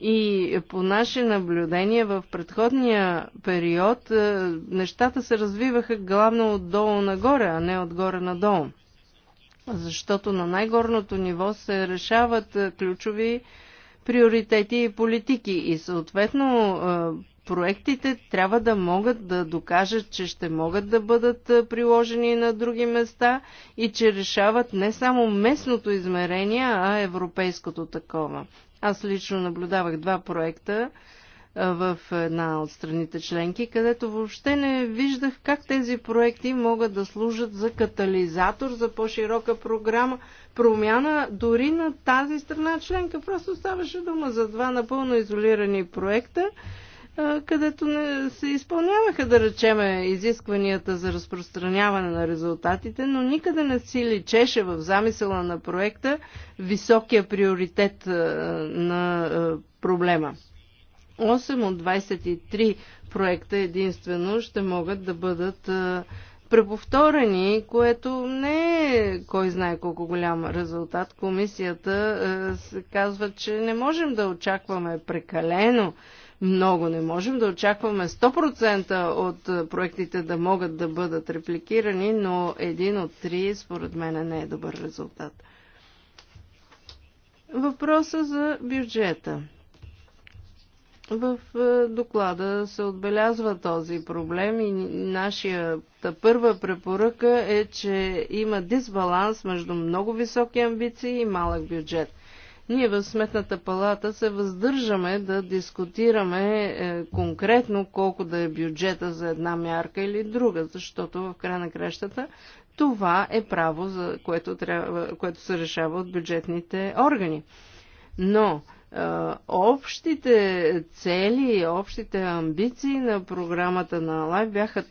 И по наше наблюдение в предходния период е, нещата се развиваха главно отдолу нагоре, а не отгоре надолу защото на най-горното ниво се решават е, ключови приоритети и политики и съответно е, проектите трябва да могат да докажат, че ще могат да бъдат е, приложени на други места и че решават не само местното измерение, а европейското такова. Аз лично наблюдавах два проекта, в една от страните членки, където въобще не виждах как тези проекти могат да служат за катализатор, за по-широка програма, промяна дори на тази страна членка. Просто ставаше дума за два напълно изолирани проекта, където не се изпълняваха, да речеме, изискванията за разпространяване на резултатите, но никъде не си личеше в замисъла на проекта високия приоритет на проблема. 8 от 23 проекта единствено ще могат да бъдат преповторени, което не е кой знае колко голям резултат. Комисията се казва, че не можем да очакваме прекалено много. Не можем да очакваме 100% от проектите да могат да бъдат репликирани, но един от три според мен не е добър резултат. Въпроса за бюджета. В е, доклада се отбелязва този проблем и нашата първа препоръка е, че има дисбаланс между много високи амбиции и малък бюджет. Ние в Сметната палата се въздържаме да дискутираме е, конкретно колко да е бюджета за една мярка или друга, защото в края на кращата това е право, за което, трябва, което се решава от бюджетните органи. Но общите цели, общите амбиции на програмата на Лайв бяха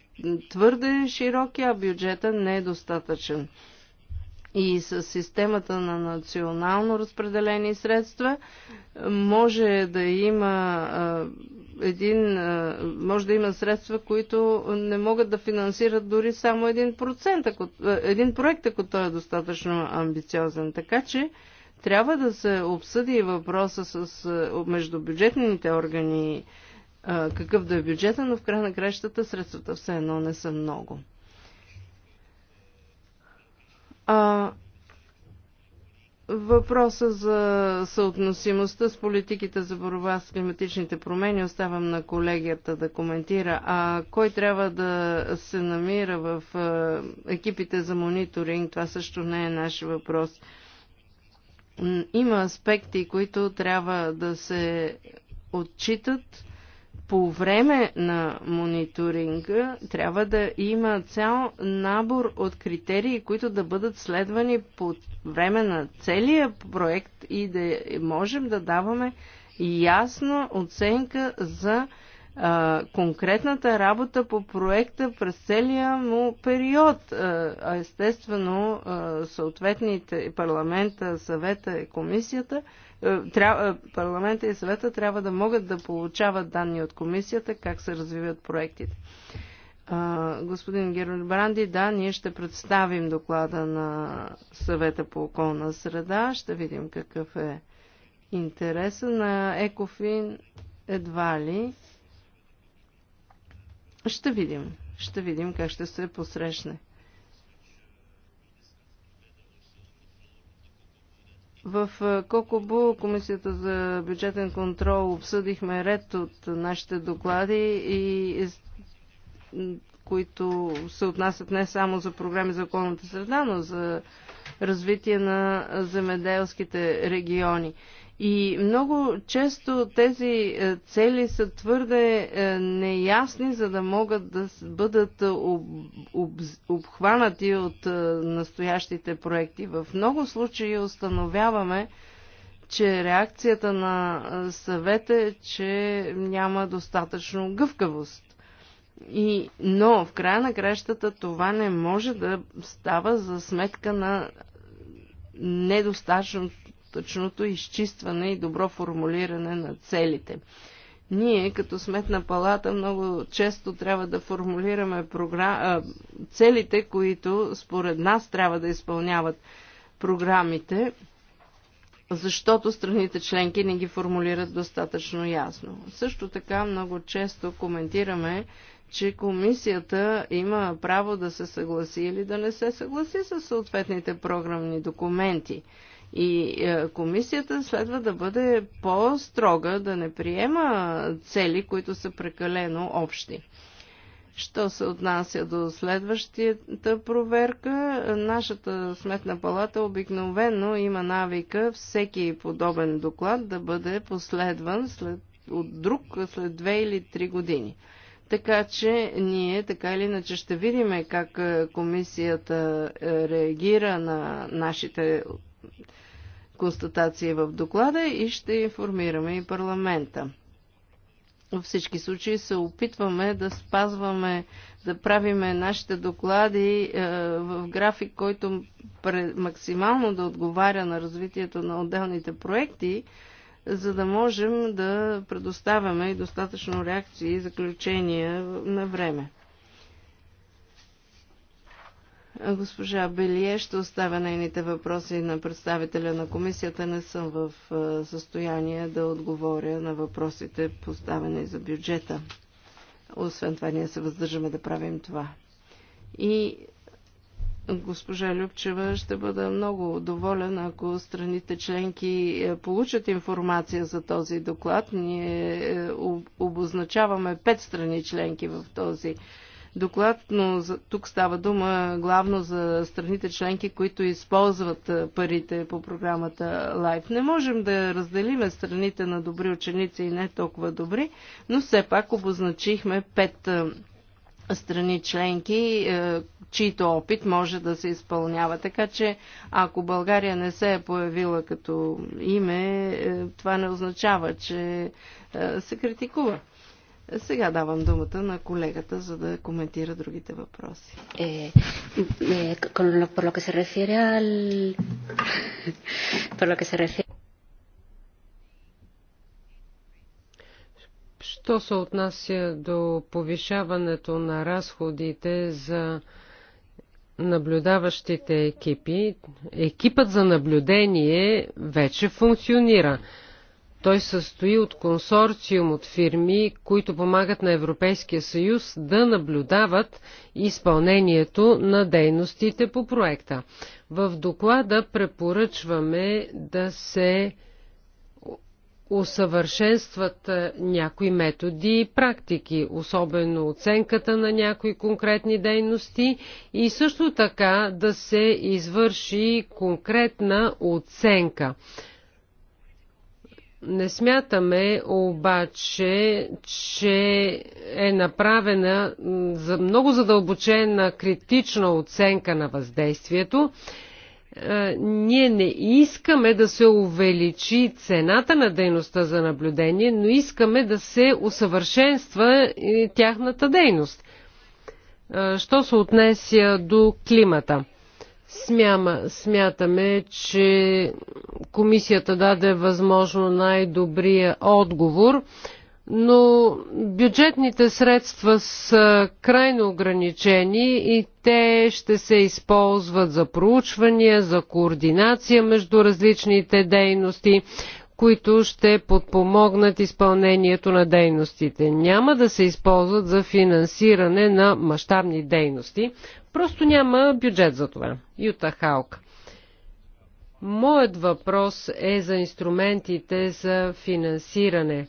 твърде широки, а бюджета не е достатъчен. И с системата на национално разпределени средства може да има един, може да има средства, които не могат да финансират дори само един, процент, ако, един проект, ако той е достатъчно амбициозен. Така че трябва да се обсъди въпроса с, между бюджетните органи, какъв да е бюджета, но в край на кращата средствата все едно не са много. А, Въпроса за съотносимостта с политиките за борба с климатичните промени оставам на колегията да коментира. А кой трябва да се намира в екипите за мониторинг, това също не е наш въпрос. Има аспекти, които трябва да се отчитат по време на мониторинга трябва да има цял набор от критерии, които да бъдат следвани по време на целия проект и да можем да даваме ясна оценка за а, конкретната работа по проекта през целия му период. А, естествено, а, съответните парламента, съвета и комисията, трябва, парламента и съвета трябва да могат да получават данни от комисията как се развиват проектите. А, господин Герман Бранди, да, ние ще представим доклада на съвета по околна среда. Ще видим какъв е интереса на Екофин едва ли ще видим. Ще видим как ще се посрещне. В е, Кокобо, Комисията за бюджетен контрол, обсъдихме ред от нашите доклади, и, които се отнасят не само за програми за околната среда, но за развитие на земеделските региони. И много често тези е, цели са твърде е, неясни, за да могат да бъдат е, об, об, обхванати от настоящите проекти. В много случаи установяваме, че реакцията на съвета е, че няма достатъчно гъвкавост. И, но в края на кращата това не може да става за сметка на недостатъчното точното изчистване и добро формулиране на целите. Ние, като сметна палата, много често трябва да формулираме програм... целите, които според нас трябва да изпълняват програмите, защото страните членки не ги формулират достатъчно ясно. Също така много често коментираме, че комисията има право да се съгласи или да не се съгласи с съответните програмни документи. И е, комисията следва да бъде по-строга, да не приема цели, които са прекалено общи. Що се отнася до следващата проверка, нашата сметна палата обикновено има навика всеки подобен доклад да бъде последван след, от друг след две или три години. Така че ние така или иначе ще видим как е, комисията е, реагира на нашите констатации в доклада и ще информираме и парламента. Във всички случаи се опитваме да спазваме, да правиме нашите доклади е, в график, който максимално да отговаря на развитието на отделните проекти, за да можем да предоставяме и достатъчно реакции и заключения на време. Госпожа Белие ще оставя нейните въпроси на представителя на комисията. Не съм в състояние да отговоря на въпросите поставени за бюджета. Освен това, ние се въздържаме да правим това. И госпожа Любчева ще бъда много доволен, ако страните членки е, получат информация за този доклад. Ние е, обозначаваме пет страни членки в този доклад доклад, но за тук става дума главно за страните членки, които използват парите по програмата LIFE. Не можем да разделиме страните на добри ученици и не толкова добри, но все пак обозначихме пет страни членки, чийто опит може да се изпълнява. Така че, ако България не се е появила като име, е, това не означава, че е, се критикува. Сега давам думата на колегата, за да коментира другите въпроси. Е, е, lo, por lo que se refiere al... por lo que se refiere... Що се отнася до повишаването на разходите за наблюдаващите екипи, екипът за наблюдение вече функционира. Той състои от консорциум от фирми, които помагат на Европейския съюз да наблюдават изпълнението на дейностите по проекта. В доклада препоръчваме да се усъвършенстват някои методи и практики, особено оценката на някои конкретни дейности и също така да се извърши конкретна оценка не смятаме обаче, че е направена за много задълбочена критична оценка на въздействието. Е, ние не искаме да се увеличи цената на дейността за наблюдение, но искаме да се усъвършенства тяхната дейност. Е, що се отнесе до климата? Смяма, смятаме, че комисията даде възможно най-добрия отговор, но бюджетните средства са крайно ограничени и те ще се използват за проучвания, за координация между различните дейности, които ще подпомогнат изпълнението на дейностите. Няма да се използват за финансиране на мащабни дейности. Просто няма бюджет за това. Юта Халк. Моят въпрос е за инструментите за финансиране.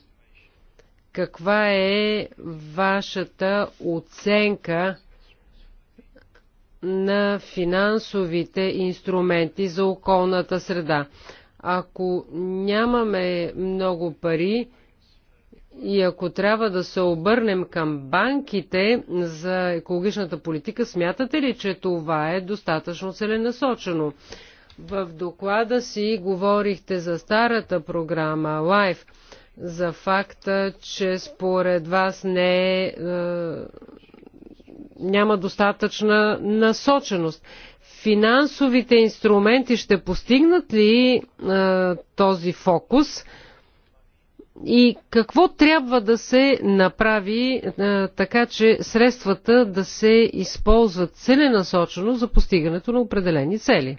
Каква е вашата оценка на финансовите инструменти за околната среда? Ако нямаме много пари и ако трябва да се обърнем към банките за екологичната политика, смятате ли, че това е достатъчно целенасочено? В доклада си говорихте за старата програма LIFE, за факта, че според вас не е, е няма достатъчна насоченост финансовите инструменти ще постигнат ли а, този фокус и какво трябва да се направи а, така, че средствата да се използват целенасочено за постигането на определени цели?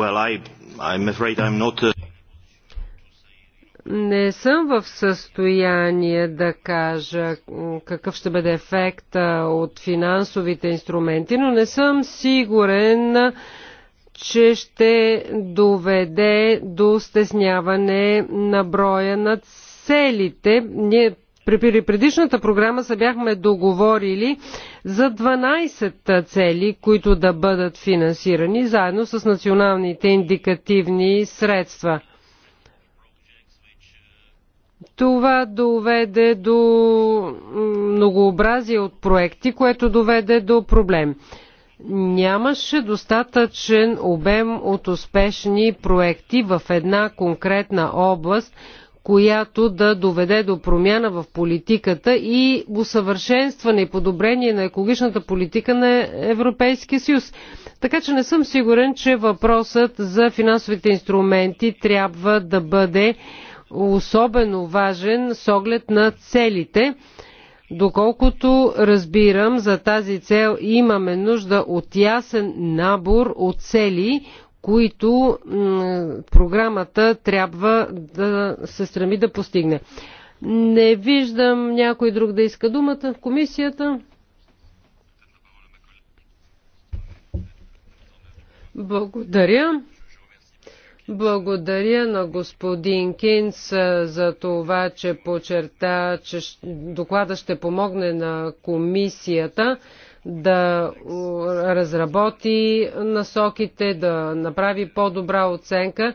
Well, I, I'm afraid I'm not uh не съм в състояние да кажа какъв ще бъде ефект от финансовите инструменти, но не съм сигурен, че ще доведе до стесняване на броя на целите. Ние при предишната програма се бяхме договорили за 12 цели, които да бъдат финансирани заедно с националните индикативни средства – това доведе до многообразие от проекти, което доведе до проблем. Нямаше достатъчен обем от успешни проекти в една конкретна област, която да доведе до промяна в политиката и усъвършенстване и подобрение на екологичната политика на Европейския съюз. Така че не съм сигурен, че въпросът за финансовите инструменти трябва да бъде особено важен с оглед на целите. Доколкото разбирам, за тази цел имаме нужда от ясен набор от цели, които програмата трябва да се стреми да постигне. Не виждам някой друг да иска думата в комисията. Благодаря. Благодаря на господин Кинц за това, че почерта, че доклада ще помогне на комисията да разработи насоките, да направи по-добра оценка.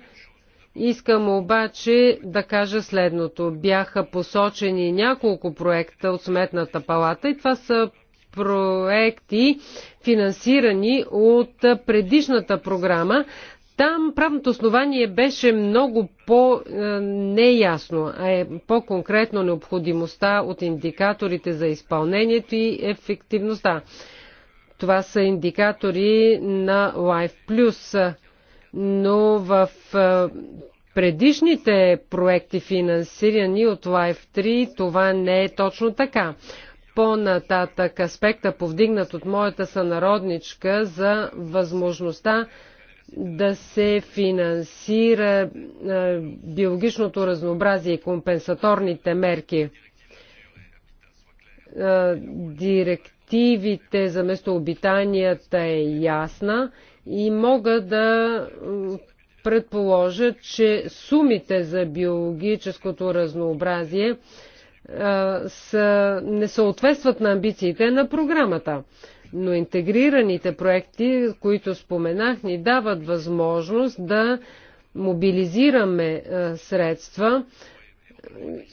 Искам обаче да кажа следното. Бяха посочени няколко проекта от Сметната палата и това са проекти, финансирани от предишната програма, там правното основание беше много по-неясно, а е по-конкретно необходимостта от индикаторите за изпълнението и ефективността. Това са индикатори на Life Plus, но в е, предишните проекти финансирани от Life 3 това не е точно така. По-нататък аспекта повдигнат от моята сънародничка за възможността да се финансира е, биологичното разнообразие и компенсаторните мерки. Е, директивите за местообитанията е ясна и мога да е, предположа, че сумите за биологическото разнообразие не съответстват на амбициите на програмата но интегрираните проекти, които споменах, ни дават възможност да мобилизираме е, средства,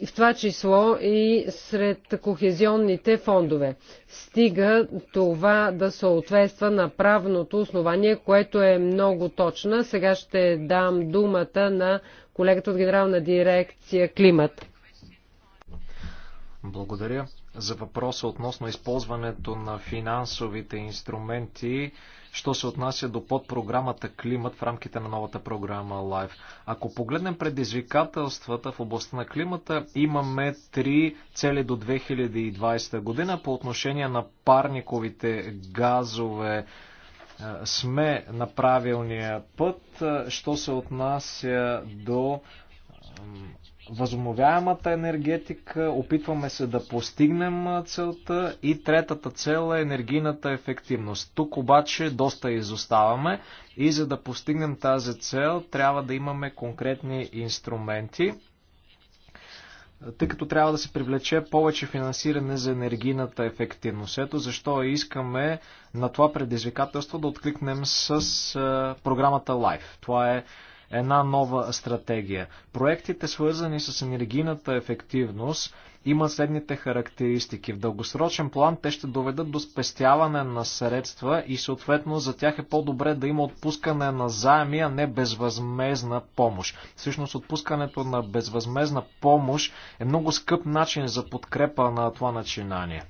в това число и сред кохезионните фондове. Стига това да съответства на правното основание, което е много точно. Сега ще дам думата на колегата от Генерална дирекция Климат. Благодаря за въпроса относно използването на финансовите инструменти, що се отнася до подпрограмата Климат в рамките на новата програма Life. Ако погледнем предизвикателствата в областта на климата, имаме три цели до 2020 година по отношение на парниковите газове. Е, сме на правилния път, е, що се отнася до възобновяемата енергетика, опитваме се да постигнем целта и третата цел е енергийната ефективност. Тук обаче доста изоставаме и за да постигнем тази цел трябва да имаме конкретни инструменти, тъй като трябва да се привлече повече финансиране за енергийната ефективност. Ето защо искаме на това предизвикателство да откликнем с програмата LIFE. Това е една нова стратегия. Проектите, свързани с енергийната ефективност, имат следните характеристики. В дългосрочен план те ще доведат до спестяване на средства и съответно за тях е по-добре да има отпускане на заеми, а не безвъзмезна помощ. Всъщност отпускането на безвъзмезна помощ е много скъп начин за подкрепа на това начинание.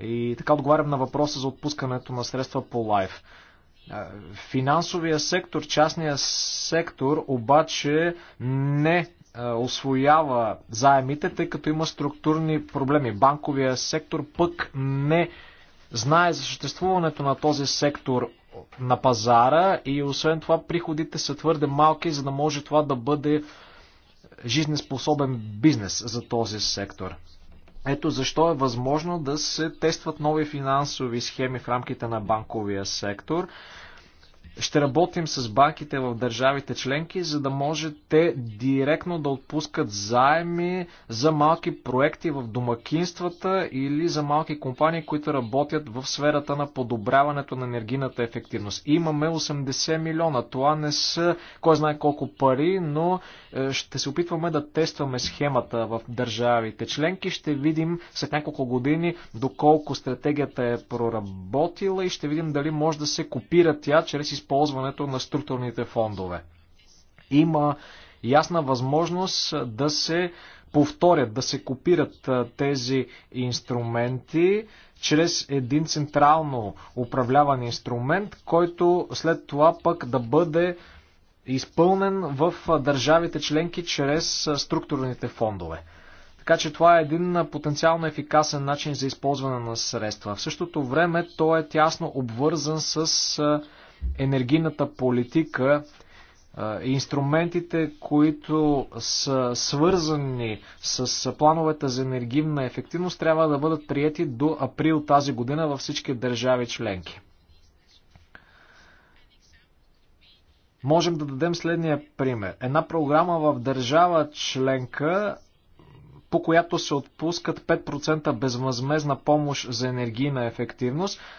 И така отговарям на въпроса за отпускането на средства по лайф. Финансовия сектор, частния сектор обаче не освоява заемите, тъй като има структурни проблеми. Банковия сектор пък не знае за съществуването на този сектор на пазара и освен това приходите са твърде малки, за да може това да бъде жизнеспособен бизнес за този сектор. Ето защо е възможно да се тестват нови финансови схеми в рамките на банковия сектор. Ще работим с банките в държавите членки, за да може те директно да отпускат заеми за малки проекти в домакинствата или за малки компании, които работят в сферата на подобряването на енергийната ефективност. Имаме 80 милиона. Това не са кой знае колко пари, но е, ще се опитваме да тестваме схемата в държавите членки. Ще видим след няколко години доколко стратегията е проработила и ще видим дали може да се копира тя чрез изпълнението използването на структурните фондове. Има ясна възможност да се повторят, да се копират тези инструменти чрез един централно управляван инструмент, който след това пък да бъде изпълнен в държавите членки чрез структурните фондове. Така че това е един потенциално ефикасен начин за използване на средства. В същото време той е тясно обвързан с енергийната политика, инструментите, които са свързани с плановете за енергийна ефективност, трябва да бъдат прияти до април тази година във всички държави членки. Можем да дадем следния пример. Една програма в държава членка, по която се отпускат 5% безвъзмезна помощ за енергийна ефективност –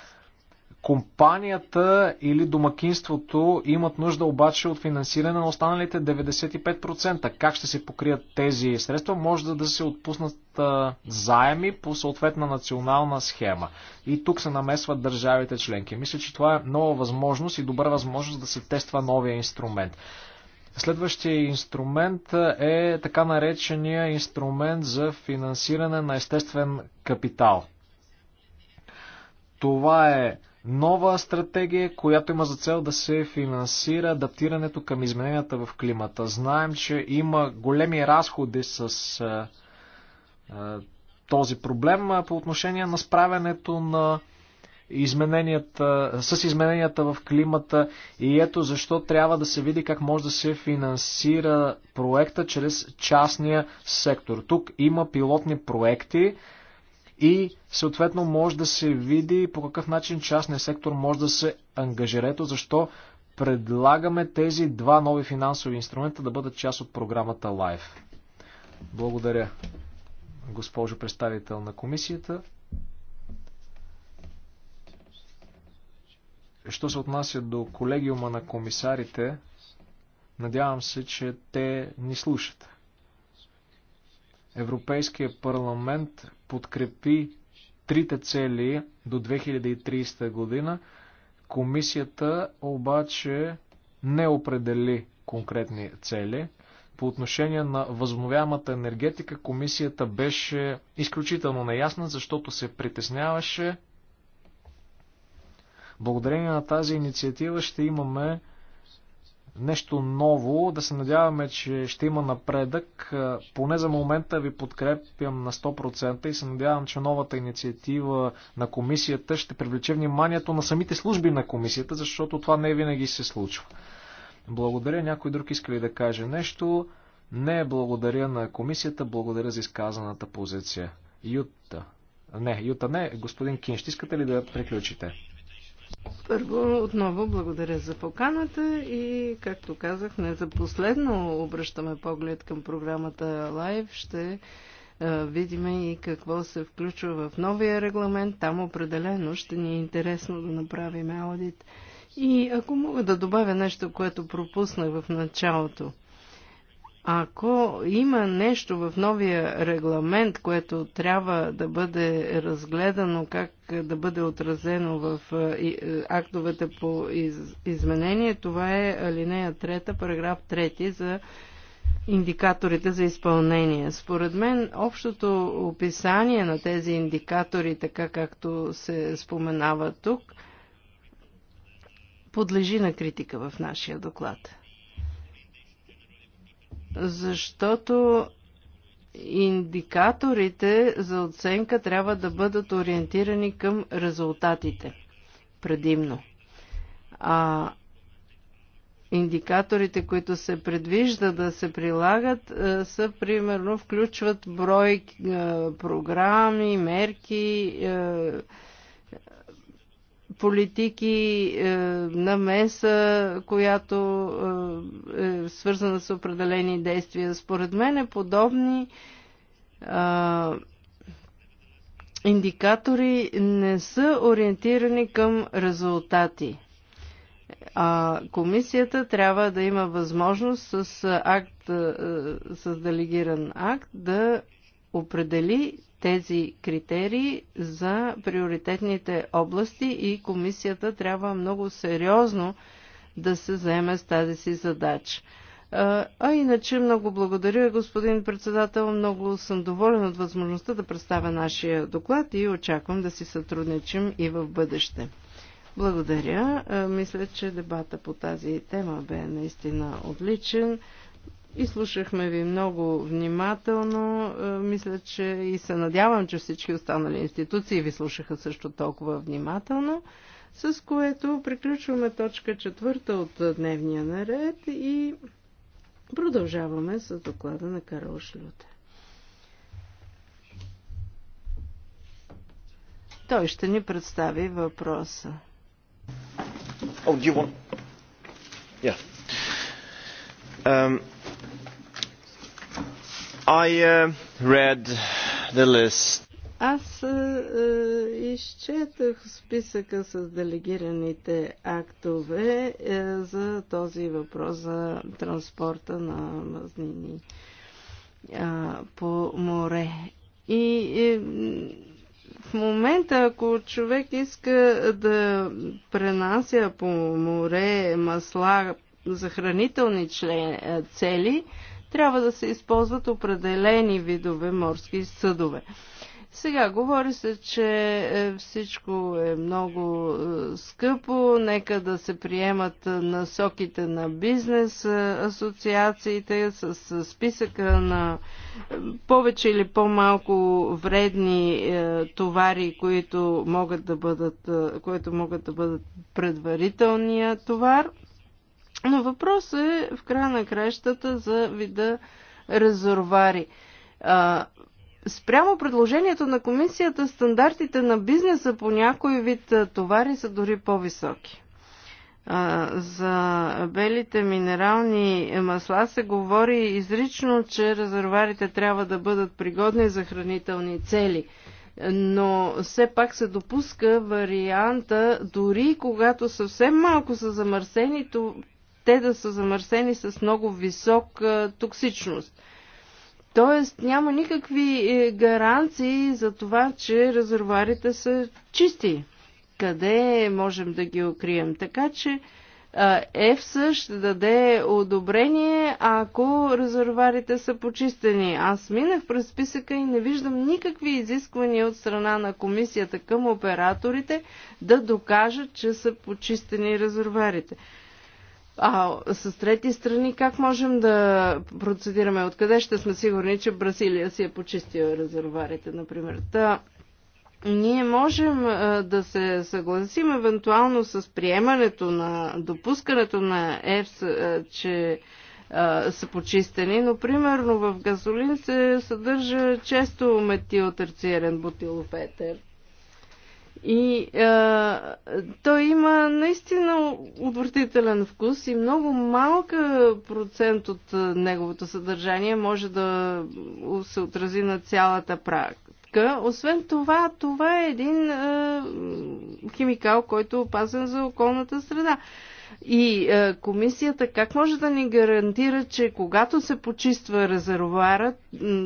Компанията или домакинството имат нужда обаче от финансиране на останалите 95%. Как ще се покрият тези средства? Може да, се отпуснат заеми по съответна национална схема. И тук се намесват държавите членки. Мисля, че това е нова възможност и добра възможност да се тества новия инструмент. Следващия инструмент е така наречения инструмент за финансиране на естествен капитал. Това е нова стратегия, която има за цел да се финансира адаптирането към измененията в климата. Знаем, че има големи разходи с а, а, този проблем по отношение на справянето на измененията, с измененията в климата и ето защо трябва да се види как може да се финансира проекта чрез частния сектор. Тук има пилотни проекти, и съответно може да се види по какъв начин частния сектор може да се ангажира. Ето защо предлагаме тези два нови финансови инструмента да бъдат част от програмата LIFE. Благодаря, госпожо представител на комисията. Що се отнася до колегиума на комисарите, надявам се, че те ни слушат. Европейския парламент подкрепи трите цели до 2030 година. Комисията обаче не определи конкретни цели. По отношение на възобновяемата енергетика, комисията беше изключително неясна, защото се притесняваше. Благодарение на тази инициатива ще имаме нещо ново. Да се надяваме, че ще има напредък. Поне за момента ви подкрепям на 100% и се надявам, че новата инициатива на комисията ще привлече вниманието на самите служби на комисията, защото това не винаги се случва. Благодаря. Някой друг иска ли да каже нещо? Не, благодаря на комисията, благодаря за изказаната позиция. Юта. Не, Юта не. Господин Кинш, искате ли да приключите? Първо, отново благодаря за поканата и, както казах, не за последно обръщаме поглед към програмата Лайв. Ще е, видим и какво се включва в новия регламент. Там определено ще ни е интересно да направим аудит. И ако мога да добавя нещо, което пропуснах в началото – ако има нещо в новия регламент, което трябва да бъде разгледано, как да бъде отразено в е, е, актовете по изменение, това е алинея 3, параграф 3 за индикаторите за изпълнение. Според мен, общото описание на тези индикатори, така както се споменава тук, подлежи на критика в нашия доклад защото индикаторите за оценка трябва да бъдат ориентирани към резултатите предимно. А индикаторите, които се предвижда да се прилагат, е, са примерно включват брой е, програми, мерки, е, политики, е, намеса, която е, е свързана с определени действия. Според мен е подобни е, индикатори не са ориентирани към резултати. А комисията трябва да има възможност с, акт, е, с делегиран акт да определи тези критерии за приоритетните области и комисията трябва много сериозно да се заеме с тази си задача. А иначе много благодаря, господин председател. Много съм доволен от възможността да представя нашия доклад и очаквам да си сътрудничим и в бъдеще. Благодаря. Мисля, че дебата по тази тема бе наистина отличен. И слушахме ви много внимателно. Е, мисля, че и се надявам, че всички останали институции ви слушаха също толкова внимателно, с което приключваме точка четвърта от дневния наред и продължаваме с доклада на Карл Шлюте. Той ще ни представи въпроса. Oh, do you want... Yeah. Um... I uh, read the list. Аз uh, изчетах списъка с делегираните актове uh, за този въпрос за транспорта на мазнини uh, по море. И е, в момента, ако човек иска да пренася по море масла за хранителни цели, uh, трябва да се използват определени видове морски съдове. Сега говори се, че е, всичко е много е, скъпо, нека да се приемат е, насоките на бизнес асоциациите с списъка на повече или по-малко вредни товари, които могат да бъдат, които могат да бъдат предварителния товар – но въпрос е в края на краищата за вида резервари. А, спрямо предложението на комисията, стандартите на бизнеса по някой вид товари са дори по-високи. За белите минерални масла се говори изрично, че резерварите трябва да бъдат пригодни за хранителни цели но все пак се допуска варианта, дори когато съвсем малко са замърсени, те да са замърсени с много висок токсичност. Тоест няма никакви е, гаранции за това, че резервуарите са чисти. Къде можем да ги укрием? Така че ЕФСА ще даде одобрение, ако резервуарите са почистени. Аз минах през списъка и не виждам никакви изисквания от страна на комисията към операторите да докажат, че са почистени резервуарите. А с трети страни как можем да процедираме? Откъде ще сме сигурни, че Бразилия си е почистила резерварите, например? Та, ние можем да се съгласим евентуално с приемането на допускането на ЕФС, че са почистени, но примерно в газолин се съдържа често метилтерциерен бутилов етер. И а, той има наистина отвратителен вкус и много малка процент от неговото съдържание може да се отрази на цялата практика. Освен това, това е един а, химикал, който е опасен за околната среда. И е, комисията как може да ни гарантира, че когато се почиства резервуара,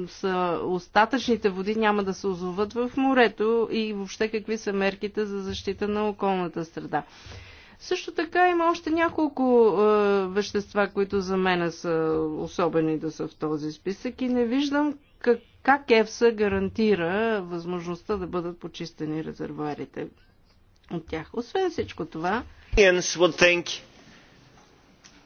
са, остатъчните води няма да се озоват в морето и въобще какви са мерките за защита на околната среда? Също така има още няколко е, вещества, които за мен са особени да са в този списък и не виждам как, как ЕФСА гарантира възможността да бъдат почистени резервуарите от тях. Освен всичко това,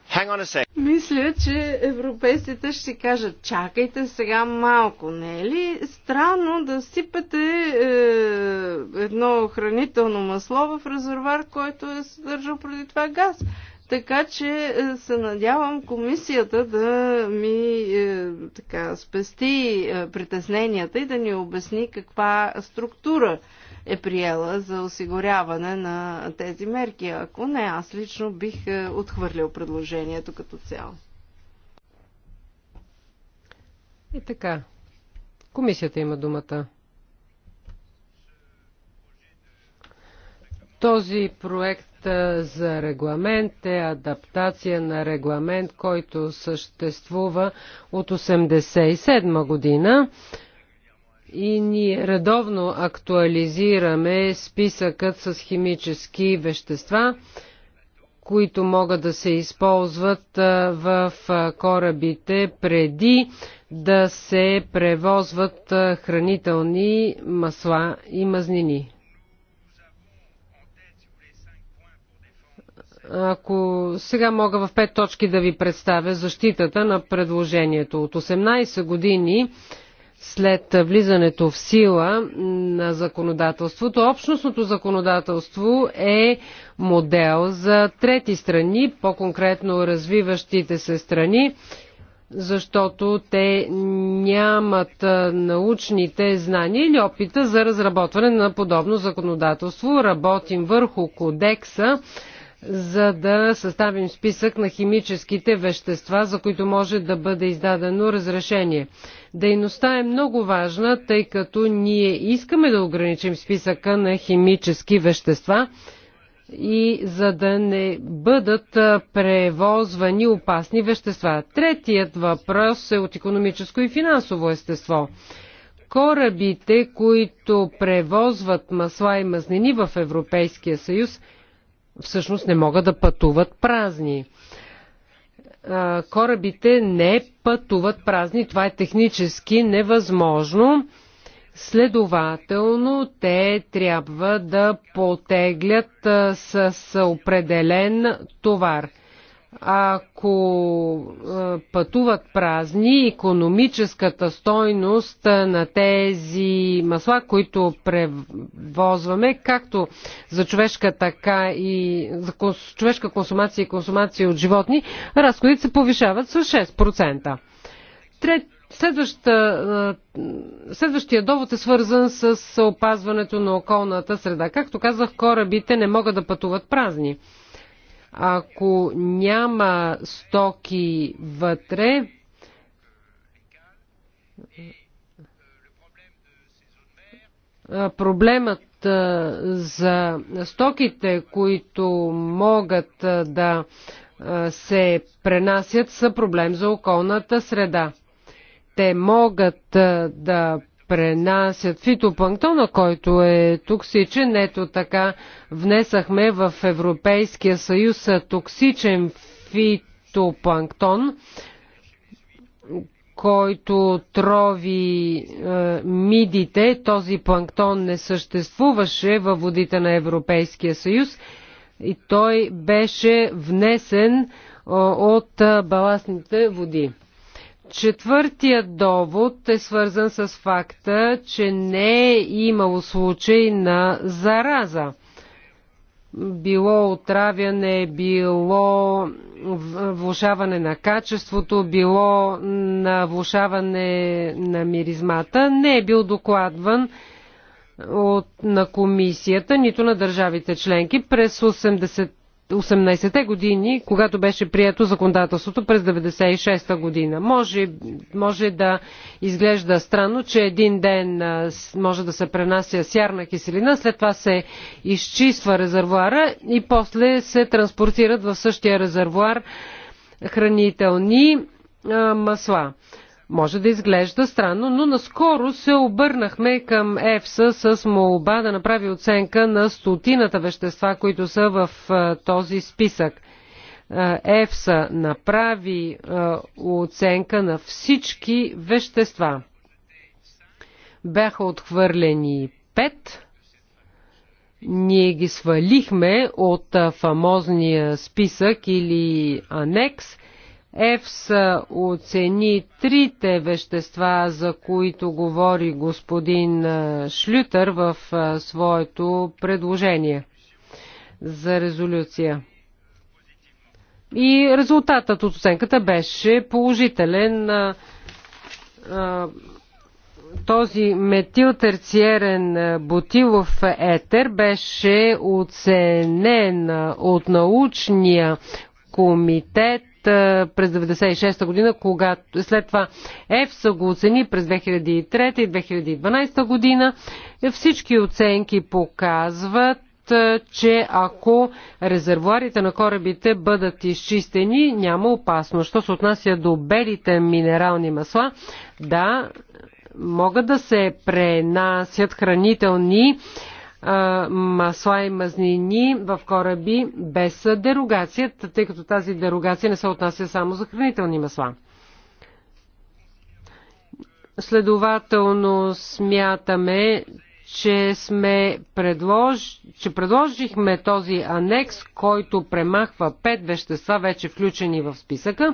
Hang on a sec. Мисля, че европейците ще кажат, чакайте сега малко, не е ли странно да сипате е, едно хранително масло в резервуар, който е съдържал преди това газ? Така че е, се надявам комисията да ми е, така, спести е, притесненията и да ни обясни каква структура е приела за осигуряване на тези мерки. Ако не, аз лично бих е, отхвърлил предложението като цяло. И така. Комисията има думата. Този проект е, за регламент е адаптация на регламент, който съществува от 1987 година и ние редовно актуализираме списъкът с химически вещества, които могат да се използват в корабите преди да се превозват хранителни масла и мазнини. Ако сега мога в пет точки да ви представя защитата на предложението. От 18 години след влизането в сила на законодателството. Общностното законодателство е модел за трети страни, по-конкретно развиващите се страни, защото те нямат научните знания или опита за разработване на подобно законодателство. Работим върху кодекса за да съставим списък на химическите вещества, за които може да бъде издадено разрешение. Дейността е много важна, тъй като ние искаме да ограничим списъка на химически вещества и за да не бъдат превозвани опасни вещества. Третият въпрос е от економическо и финансово естество. Корабите, които превозват масла и мазнини в Европейския съюз – всъщност не могат да пътуват празни. Корабите не пътуват празни, това е технически невъзможно. Следователно, те трябва да потеглят с определен товар – ако е, пътуват празни, економическата стойност е, на тези масла, които превозваме, както за човешка, така и за човешка консумация и консумация от животни, разходите се повишават с 6%. Следваща, е, следващия довод е свързан с опазването на околната среда. Както казах, корабите не могат да пътуват празни. Ако няма стоки вътре, проблемът за стоките, които могат да се пренасят, са проблем за околната среда. Те могат да пренасят фитопланктона, който е токсичен. Ето така внесахме в Европейския съюз токсичен фитопланктон, който трови е, мидите. Този планктон не съществуваше във водите на Европейския съюз и той беше внесен е, от е, баластните води. Четвъртият довод е свързан с факта, че не е имало случай на зараза. Било отравяне, било влушаване на качеството, било на влушаване на миризмата. Не е бил докладван от, на комисията, нито на държавите членки. През 80 18-те години, когато беше прието законодателството през 96-та година. Може, може да изглежда странно, че един ден може да се пренася сярна киселина, след това се изчиства резервуара и после се транспортират в същия резервуар хранителни масла. Може да изглежда странно, но наскоро се обърнахме към ЕФСА с молба да направи оценка на стотината вещества, които са в този списък. ЕФСА направи оценка на всички вещества. Бяха отхвърлени пет. Ние ги свалихме от фамозния списък или анекс – Евса оцени трите вещества, за които говори господин Шлютър в своето предложение за резолюция. И резултатът от оценката беше положителен. Този метилтерциерен бутилов етер беше оценен от научния комитет е, през 1996 година, когато след това ЕФСА го оцени през 2003 и 2012 година. Всички оценки показват, е, че ако резервуарите на корабите бъдат изчистени, няма опасност. Що се отнася до белите минерални масла, да, могат да се пренасят хранителни масла и мазнини в кораби без дерогацията, тъй като тази дерогация не се отнася само за хранителни масла. Следователно смятаме, че, сме предлож... че предложихме този анекс, който премахва пет вещества, вече включени в списъка.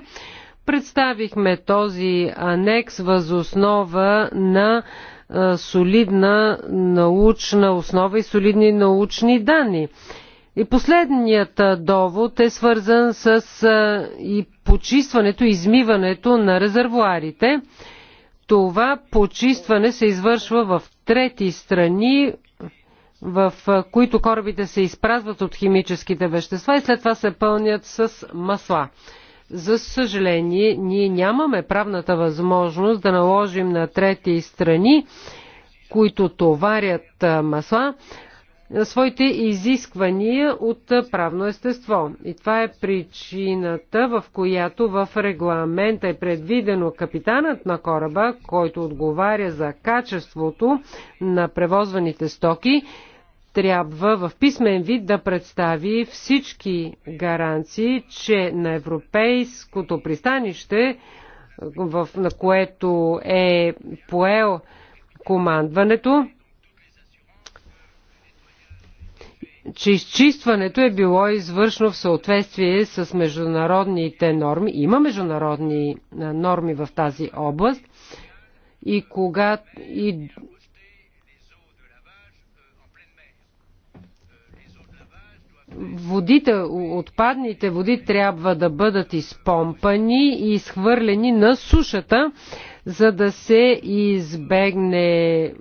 Представихме този анекс възоснова на е, солидна научна основа и солидни научни данни. И последният е, довод е свързан с е, и почистването измиването на резервуарите. Това почистване се извършва в трети страни, в които корабите се изпразват от химическите вещества и след това се пълнят с масла. За съжаление, ние нямаме правната възможност да наложим на трети страни, които товарят масла, своите изисквания от правно естество. И това е причината, в която в регламента е предвидено капитанът на кораба, който отговаря за качеството на превозваните стоки, трябва в писмен вид да представи всички гаранции, че на европейското пристанище, в, на което е поел командването, че изчистването е било извършено в съответствие с международните норми. Има международни норми в тази област и, кога, и, водите, отпадните води трябва да бъдат изпомпани и изхвърлени на сушата, за да се избегне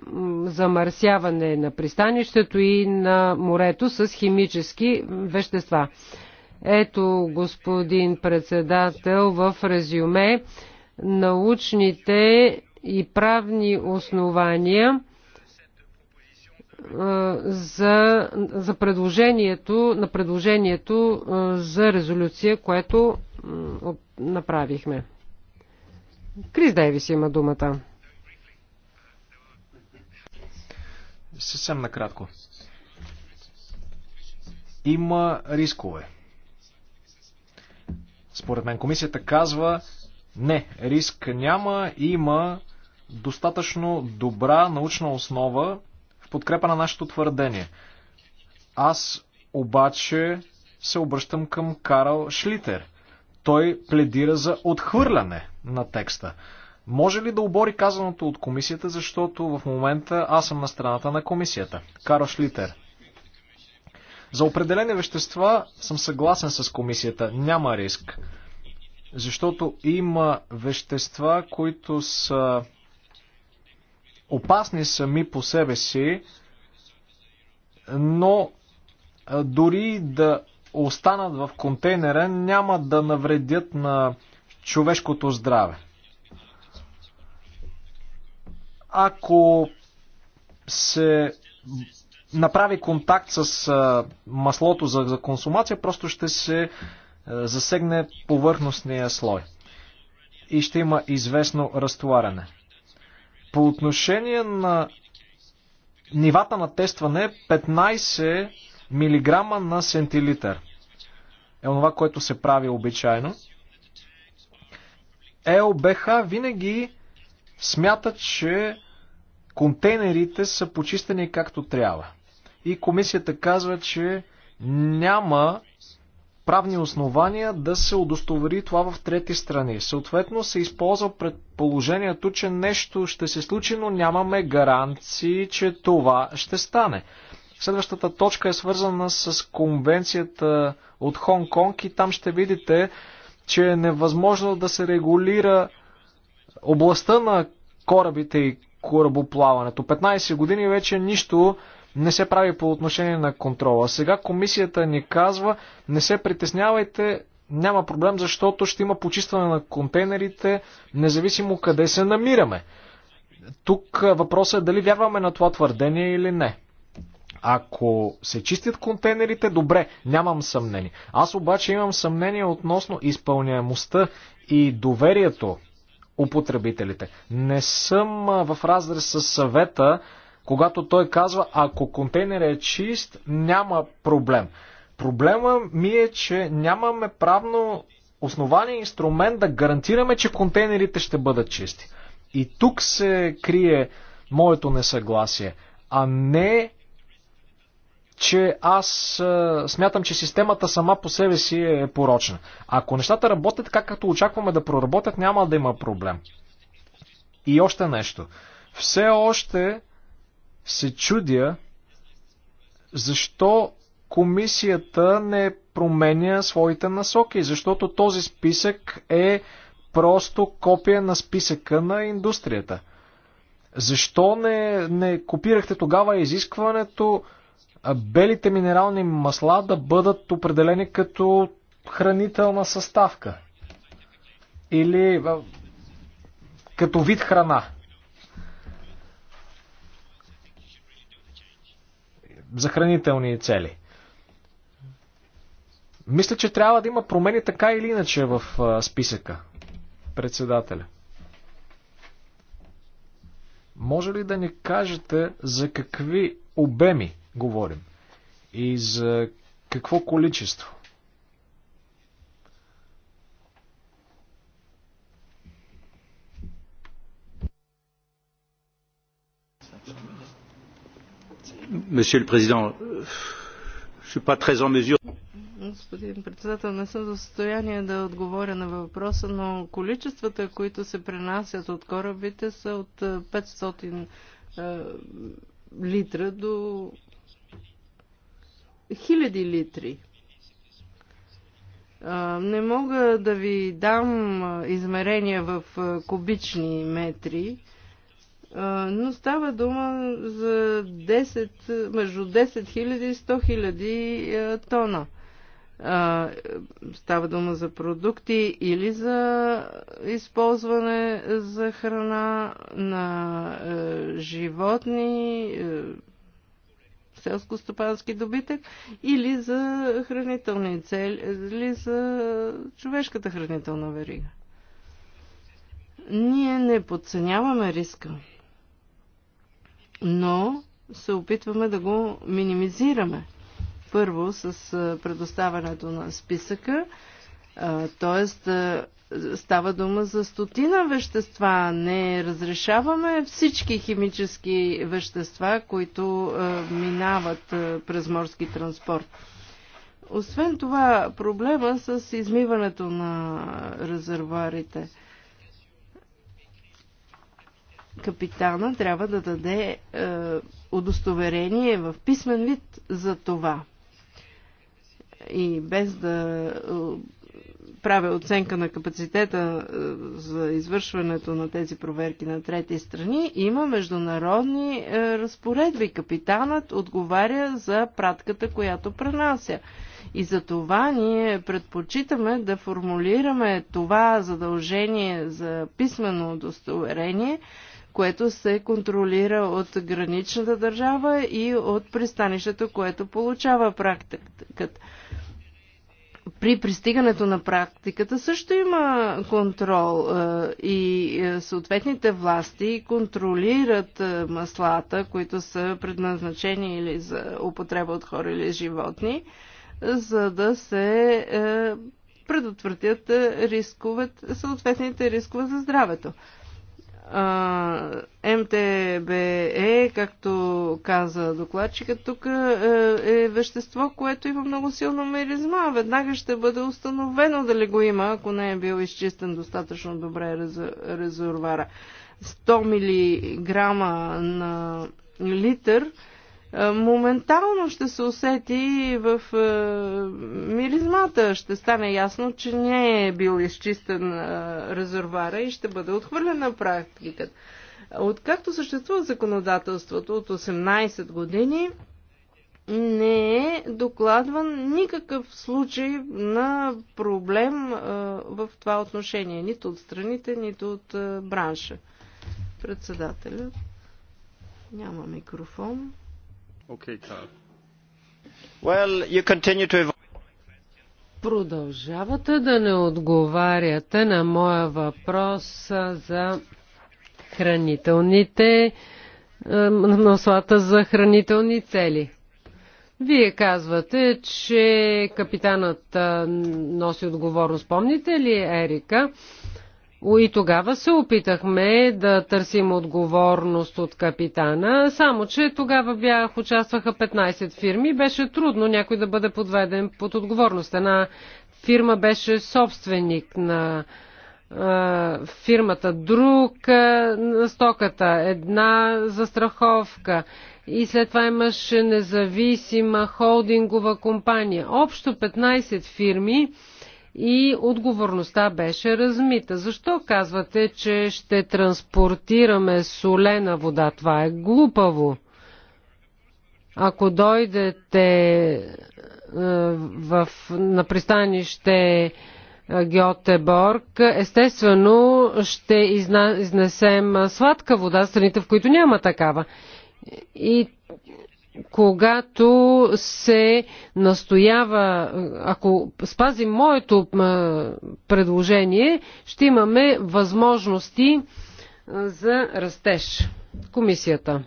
замърсяване на пристанището и на морето с химически вещества. Ето, господин председател, в резюме научните и правни основания – за, за предложението, на предложението за резолюция, което направихме. Крис Дейвис има думата. Съвсем накратко. Има рискове. Според мен комисията казва, не, риск няма, има достатъчно добра научна основа, подкрепа на нашето твърдение. Аз обаче се обръщам към Карл Шлитер. Той пледира за отхвърляне на текста. Може ли да обори казаното от комисията, защото в момента аз съм на страната на комисията? Карл Шлитер. За определени вещества съм съгласен с комисията. Няма риск. Защото има вещества, които са опасни сами по себе си, но дори да останат в контейнера, няма да навредят на човешкото здраве. Ако се направи контакт с маслото за, за консумация, просто ще се засегне повърхностния слой и ще има известно разтоваряне. По отношение на нивата на тестване 15 мг на сентилитър е това, което се прави обичайно. ЕОБХ винаги смята, че контейнерите са почистени както трябва. И комисията казва, че няма правни основания да се удостовери това в трети страни. Съответно се използва предположението, че нещо ще се случи, но нямаме гаранции, че това ще стане. Следващата точка е свързана с конвенцията от Хонг Конг и там ще видите, че е невъзможно да се регулира областта на корабите и корабоплаването. 15 години вече нищо не се прави по отношение на контрола. Сега комисията ни казва, не се притеснявайте, няма проблем, защото ще има почистване на контейнерите, независимо къде се намираме. Тук въпросът е дали вярваме на това твърдение или не. Ако се чистят контейнерите, добре, нямам съмнение. Аз обаче имам съмнение относно изпълняемостта и доверието у потребителите. Не съм в разрез с съвета, когато той казва, ако контейнер е чист, няма проблем. Проблема ми е, че нямаме правно основание инструмент да гарантираме, че контейнерите ще бъдат чисти. И тук се крие моето несъгласие, а не че аз а, смятам, че системата сама по себе си е порочна. Ако нещата работят така, както очакваме да проработят, няма да има проблем. И още нещо. Все още се чудя защо комисията не променя своите насоки, защото този списък е просто копия на списъка на индустрията. Защо не, не копирахте тогава изискването белите минерални масла да бъдат определени като хранителна съставка? Или като вид храна? за хранителни цели. Мисля, че трябва да има промени така или иначе в списъка. Председателя. Може ли да ни кажете за какви обеми говорим и за какво количество? Monsieur le Président, je suis pas très en mesure. Господин председател, не съм в състояние да отговоря на въпроса, но количествата, които се пренасят от корабите, са от 500 е, е, литра до хиляди литри. Е, не мога да ви дам измерения в кубични метри, но става дума за 10, между 10 000 и 100 000 тона. Става дума за продукти или за използване за храна на животни, селско-стопански добитък, или за хранителни цели, или за човешката хранителна верига. Ние не подценяваме риска но се опитваме да го минимизираме. Първо с предоставянето на списъка, т.е. става дума за стотина вещества. Не разрешаваме всички химически вещества, които минават през морски транспорт. Освен това, проблема с измиването на резервуарите – капитана трябва да даде е, удостоверение в писмен вид за това. И без да е, правя оценка на капацитета е, за извършването на тези проверки на трети страни, има международни е, разпоредби. Капитанът отговаря за пратката, която пренася. И за това ние предпочитаме да формулираме това задължение за писмено удостоверение което се контролира от граничната държава и от пристанището, което получава практиката. При пристигането на практиката също има контрол е, и е, съответните власти контролират е, маслата, които са предназначени или за употреба от хора или животни, за да се предотвратят рисковете, съответните рискове за здравето. МТБЕ, както каза докладчика, тук е, е вещество, което има много силно миризма. Веднага ще бъде установено дали го има, ако не е бил изчистен достатъчно добре резервуара. 100 милиграма на литър – е, моментално ще се усети в е, миризмата. Ще стане ясно, че не е бил изчистен е, резервара и ще бъде отхвърлена практиката. Откакто съществува законодателството от 18 години, не е докладван никакъв случай на проблем в това отношение, нито от страните, нито от бранша. Председателят. Няма микрофон. Okay, Well, you continue to Продължавате да не отговаряте на моя въпрос за хранителните маслата е, за хранителни цели. Вие казвате, че капитанът е, носи отговорност. Помните ли, Ерика, и тогава се опитахме да търсим отговорност от капитана, само че тогава бях, участваха 15 фирми. Беше трудно някой да бъде подведен под отговорност. Една фирма беше собственик на е, фирмата, друг е, на стоката, една застраховка и след това имаше независима холдингова компания. Общо 15 фирми и отговорността беше размита. Защо казвате, че ще транспортираме солена вода? Това е глупаво. Ако дойдете е, в, на пристанище Гьотеборг, естествено ще изна, изнесем сладка вода, страните в които няма такава. И когато се настоява, ако спазим моето предложение, ще имаме възможности за растеж. Комисията.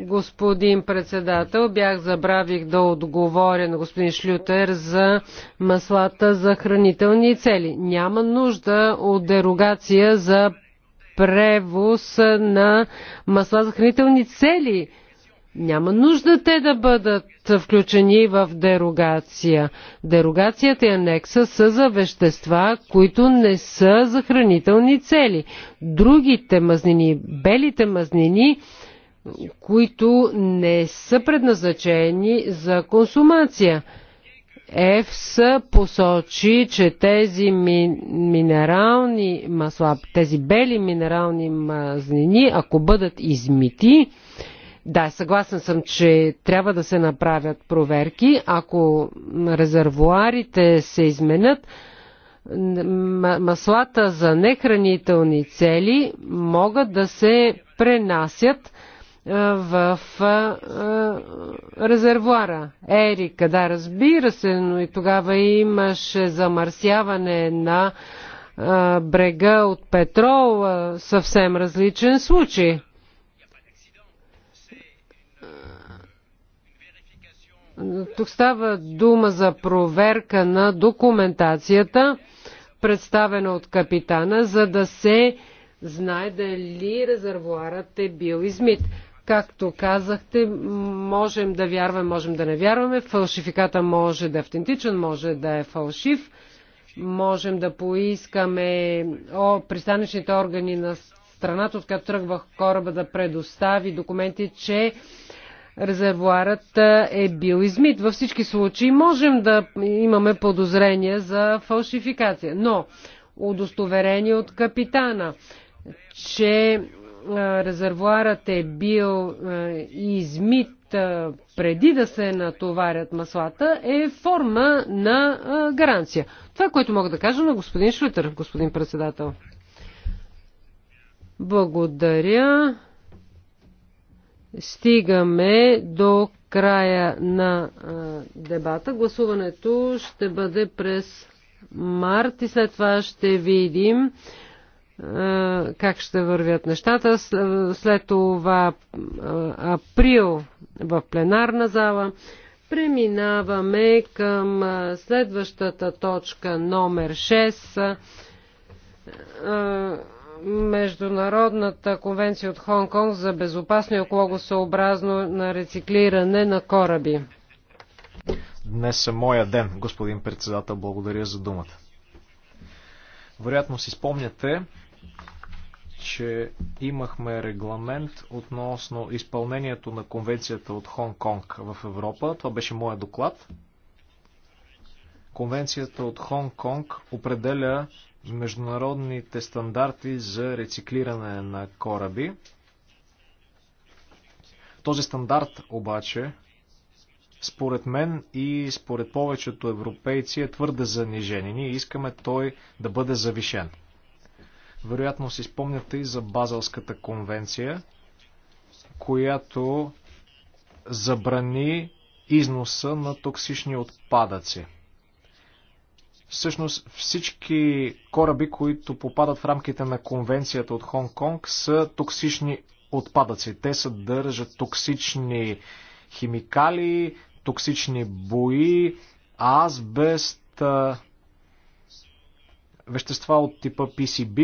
Господин председател, бях забравих да отговоря на господин Шлютер за маслата за хранителни цели. Няма нужда от дерогация за превоз на масла за хранителни цели. Няма нужда те да бъдат включени в дерогация. Дерогацията и анекса са за вещества, които не са за хранителни цели. Другите мазнини, белите мазнини, които не са предназначени за консумация. ЕФС посочи, че тези ми, минерални масла, тези бели минерални мазнини, ако бъдат измити, да, съгласен съм, че трябва да се направят проверки. Ако резервуарите се изменят, маслата за нехранителни цели могат да се пренасят е, в е, е, резервуара. Ерика, да, разбира се, но и тогава имаше замърсяване на брега от петрол, съвсем различен случай. Тук става дума за проверка на документацията, представена от капитана, за да се знае дали резервуарът е бил измит. Както казахте, можем да вярваме, можем да не вярваме. Фалшификата може да е автентичен, може да е фалшив. Можем да поискаме о, пристанищните органи на страната, от която тръгва кораба да предостави документи, че резервуарът е бил измит. Във всички случаи можем да имаме подозрение за фалшификация, но удостоверение от капитана, че резервуарът е бил измит преди да се натоварят маслата, е форма на гаранция. Това, е което мога да кажа на господин Шлютер, господин председател. Благодаря. Стигаме до края на а, дебата. Гласуването ще бъде през март и след това ще видим е, как ще вървят нещата. Е, след това е, април в пленарна зала. Преминаваме към следващата точка номер 6. Международната конвенция от Хонг-Конг за безопасно и екологосъобразно на рециклиране на кораби. Днес е моя ден, господин председател. Благодаря за думата. Вероятно си спомняте, че имахме регламент относно изпълнението на конвенцията от Хонг-Конг в Европа. Това беше моя доклад. Конвенцията от Хонг-Конг определя международните стандарти за рециклиране на кораби. Този стандарт обаче, според мен и според повечето европейци, е твърде занижен и ние искаме той да бъде завишен. Вероятно си спомняте и за Базалската конвенция, която забрани износа на токсични отпадъци. Всъщност всички кораби, които попадат в рамките на конвенцията от Хонг Конг, са токсични отпадъци. Те съдържат токсични химикали, токсични бои, азбест, вещества от типа PCB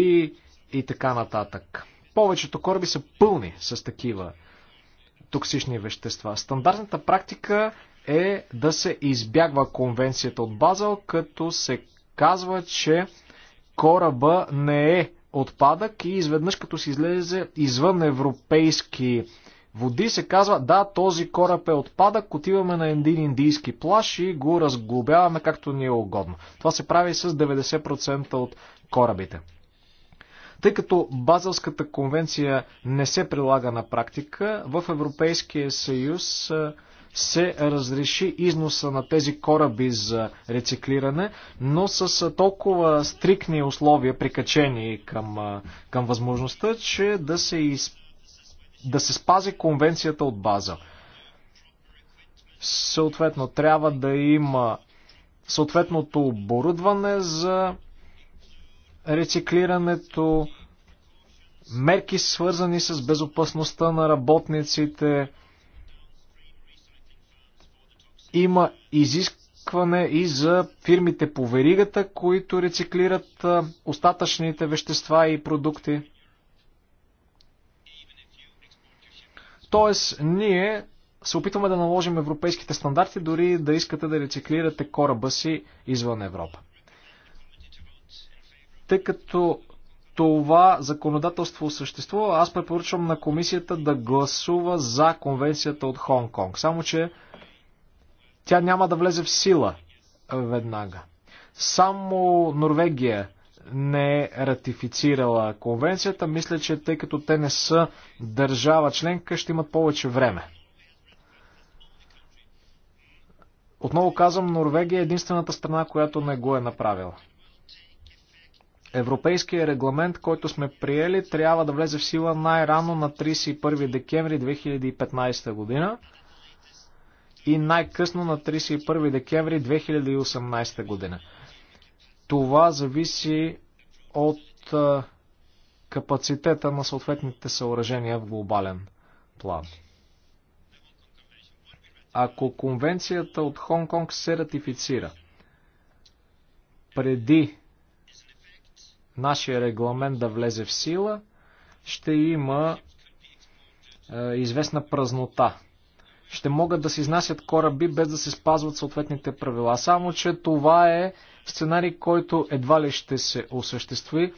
и така нататък. Повечето кораби са пълни с такива токсични вещества. Стандартната практика е да се избягва конвенцията от Базел, като се казва, че кораба не е отпадък и изведнъж като се излезе извън европейски води, се казва, да, този кораб е отпадък, отиваме на един индийски плаш и го разглобяваме както ни е угодно. Това се прави с 90% от корабите. Тъй като Базелската конвенция не се прилага на практика, в Европейския съюз се разреши износа на тези кораби за рециклиране, но с толкова стрикни условия, прикачени към, към възможността, че да се изпълнят да се спази конвенцията от база. Съответно, трябва да има съответното оборудване за рециклирането, мерки свързани с безопасността на работниците. Има изискване и за фирмите по веригата, които рециклират остатъчните вещества и продукти. Тоест, ние се опитваме да наложим европейските стандарти, дори да искате да рециклирате кораба си извън Европа. Тъй като това законодателство съществува, аз препоръчвам на комисията да гласува за конвенцията от Хонг Конг. Само, че тя няма да влезе в сила веднага. Само Норвегия не е ратифицирала конвенцията. Мисля, че тъй като те не са държава членка, ще имат повече време. Отново казвам, Норвегия е единствената страна, която не го е направила. Европейския регламент, който сме приели, трябва да влезе в сила най-рано на 31 декември 2015 година и най-късно на 31 декември 2018 година. Това зависи от капацитета на съответните съоръжения в глобален план. Ако конвенцията от Хонг Конг се ратифицира преди нашия регламент да влезе в сила, ще има е, известна празнота. Ще могат да се изнасят кораби без да се спазват съответните правила. Само, че това е Сценарий, който едва ли ще се осъществи.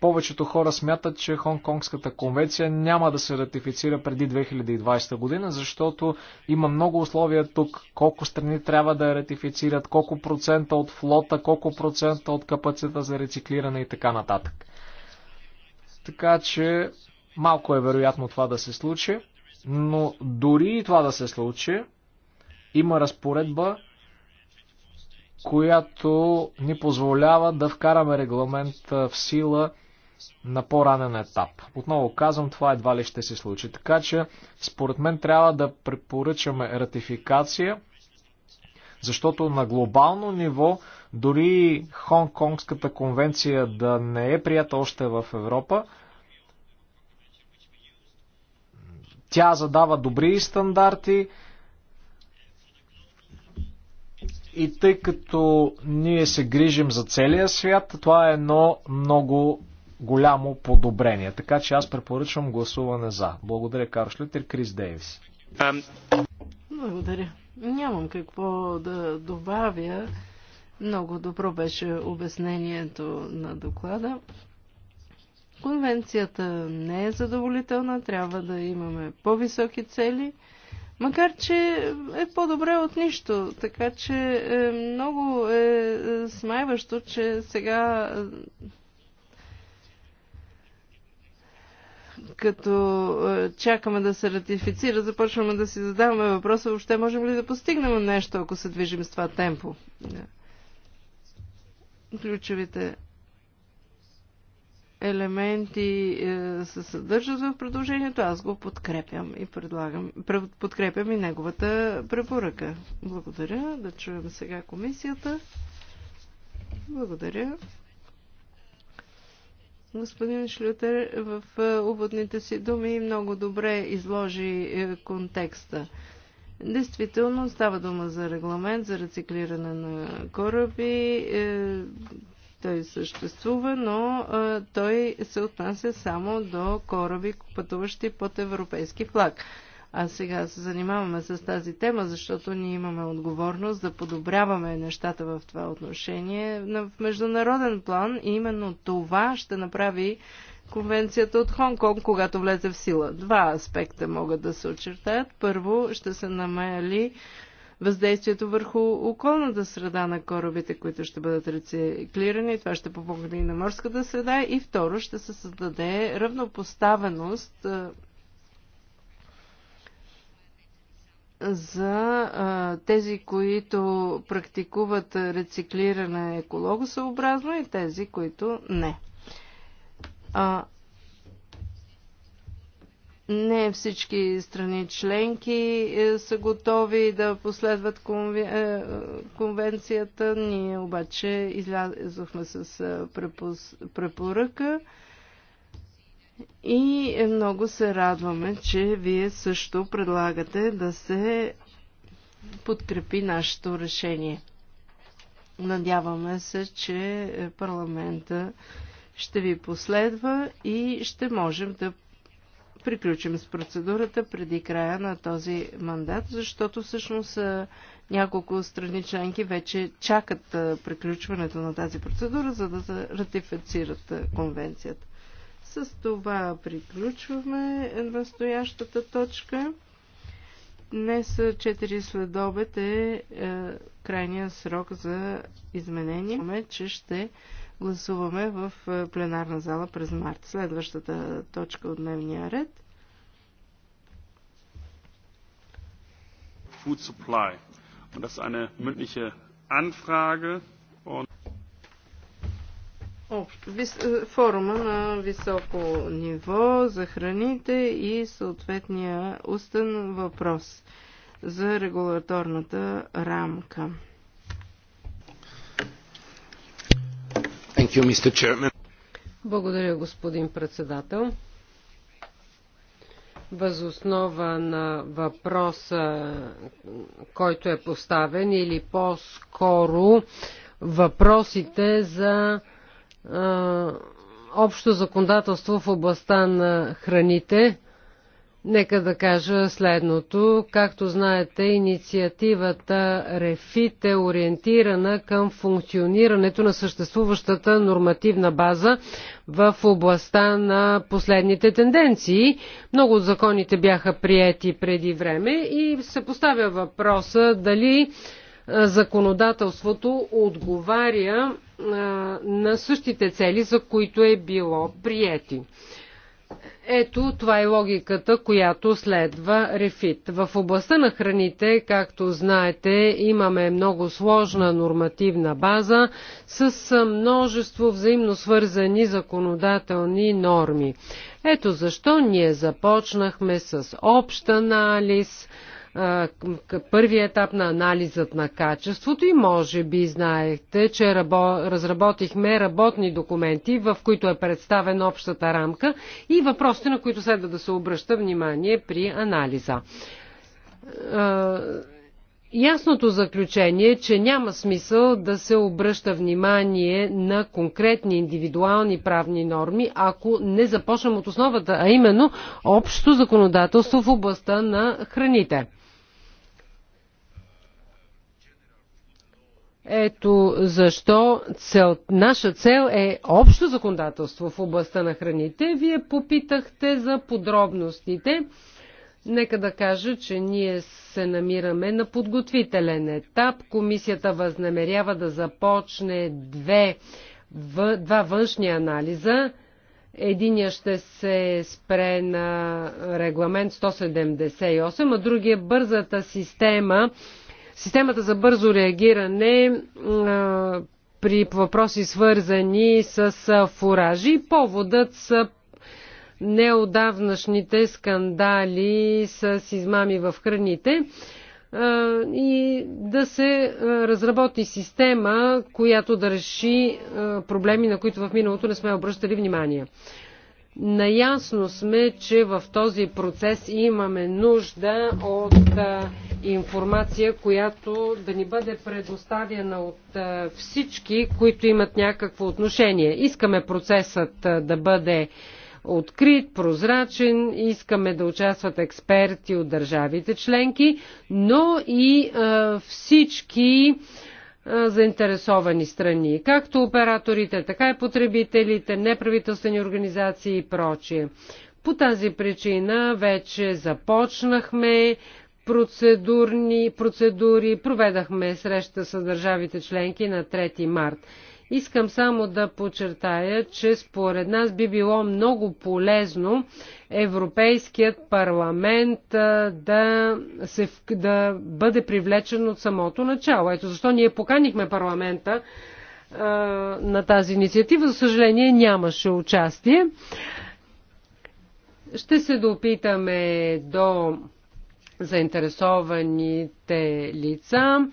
Повечето хора смятат, че Хонконгската конвенция няма да се ратифицира преди 2020 година, защото има много условия тук, колко страни трябва да я ратифицират, колко процента от флота, колко процента от капацита за рециклиране и така нататък. Така че малко е вероятно това да се случи, но дори и това да се случи, има разпоредба, която ни позволява да вкараме регламент в сила на по-ранен етап. Отново казвам, това едва ли ще се случи. Така че, според мен, трябва да препоръчаме ратификация, защото на глобално ниво, дори Хонг-Конгската конвенция да не е прията още в Европа, тя задава добри стандарти, и тъй като ние се грижим за целия свят, това е едно много голямо подобрение. Така че аз препоръчвам гласуване за. Благодаря, Карш Литер Крис Дейвис. Благодаря. Нямам какво да добавя. Много добро беше обяснението на доклада. Конвенцията не е задоволителна, трябва да имаме по-високи цели – Макар, че е по-добре от нищо. Така че е, много е, е смайващо, че сега е, като чакаме да се ратифицира, започваме да си задаваме въпроса, въобще можем ли да постигнем нещо, ако се движим с това темпо. Ключовите елементи е, се съдържат в предложението, аз го подкрепям и предлагам, подкрепям и неговата препоръка. Благодаря. Да чуем сега комисията. Благодаря. Господин Шлютер в е, уводните си думи много добре изложи е, контекста. Действително става дума за регламент за рециклиране на кораби той съществува, но той се отнася само до кораби, пътуващи под европейски флаг. А сега се занимаваме с тази тема, защото ние имаме отговорност да подобряваме нещата в това отношение в международен план. И именно това ще направи конвенцията от Хонконг, когато влезе в сила. Два аспекта могат да се очертаят. Първо, ще се намали въздействието върху околната среда на корабите, които ще бъдат рециклирани. Това ще помогне и на морската среда. И второ, ще се създаде равнопоставеност за а, тези, които практикуват рециклиране екологосъобразно и тези, които не. А, не всички страни членки е, са готови да последват е, конвенцията. Ние обаче излязохме с е, препоръка и много се радваме, че вие също предлагате да се подкрепи нашето решение. Надяваме се, че парламента ще ви последва и ще можем да приключим с процедурата преди края на този мандат, защото всъщност няколко страни членки вече чакат приключването на тази процедура, за да ратифицират конвенцията. С това приключваме настоящата точка. Днес 4 следобед е, е крайния срок за изменение. Че ще гласуваме в е, пленарна зала през март. Следващата точка от дневния ред. Food Supply. das eine mündliche Anfrage. Und е, форума на високо ниво за храните и съответния устен въпрос за регулаторната рамка. Благодаря, господин председател. Въз основа на въпроса, който е поставен, или по-скоро въпросите за а, общо законодателство в областта на храните, Нека да кажа следното. Както знаете, инициативата РЕФИТ е ориентирана към функционирането на съществуващата нормативна база в областта на последните тенденции. Много от законите бяха приети преди време и се поставя въпроса дали законодателството отговаря на същите цели, за които е било приети. Ето, това е логиката, която следва Рефит. В областта на храните, както знаете, имаме много сложна нормативна база с множество взаимно свързани законодателни норми. Ето защо ние започнахме с общ анализ – първия етап на анализът на качеството и може би знаехте, че рабо, разработихме работни документи, в които е представена общата рамка и въпросите, на които следва да се обръща внимание при анализа. Ясното заключение е, че няма смисъл да се обръща внимание на конкретни индивидуални правни норми, ако не започнем от основата, а именно общо законодателство в областта на храните. Ето защо цел, наша цел е общо законодателство в областта на храните. Вие попитахте за подробностите. Нека да кажа, че ние се намираме на подготвителен етап. Комисията възнамерява да започне две, в, два външни анализа. Единия ще се спре на регламент 178, а другия бързата система Системата за бързо реагиране при въпроси свързани с фуражи. Поводът са неодавнашните скандали с измами в храните и да се разработи система, която да реши проблеми, на които в миналото не сме обръщали внимание. Наясно сме, че в този процес имаме нужда от информация, която да ни бъде предоставена от е, всички, които имат някакво отношение. Искаме процесът е, да бъде открит, прозрачен, искаме да участват експерти от държавите членки, но и е, всички заинтересовани страни, както операторите, така и потребителите, неправителствени организации и прочие. По тази причина вече започнахме процедурни процедури. Проведахме среща с държавите членки на 3 март. Искам само да подчертая, че според нас би било много полезно Европейският парламент да, се, да бъде привлечен от самото начало. Ето защо ние поканихме парламента на тази инициатива. За съжаление нямаше участие. Ще се допитаме до заинтересованите лица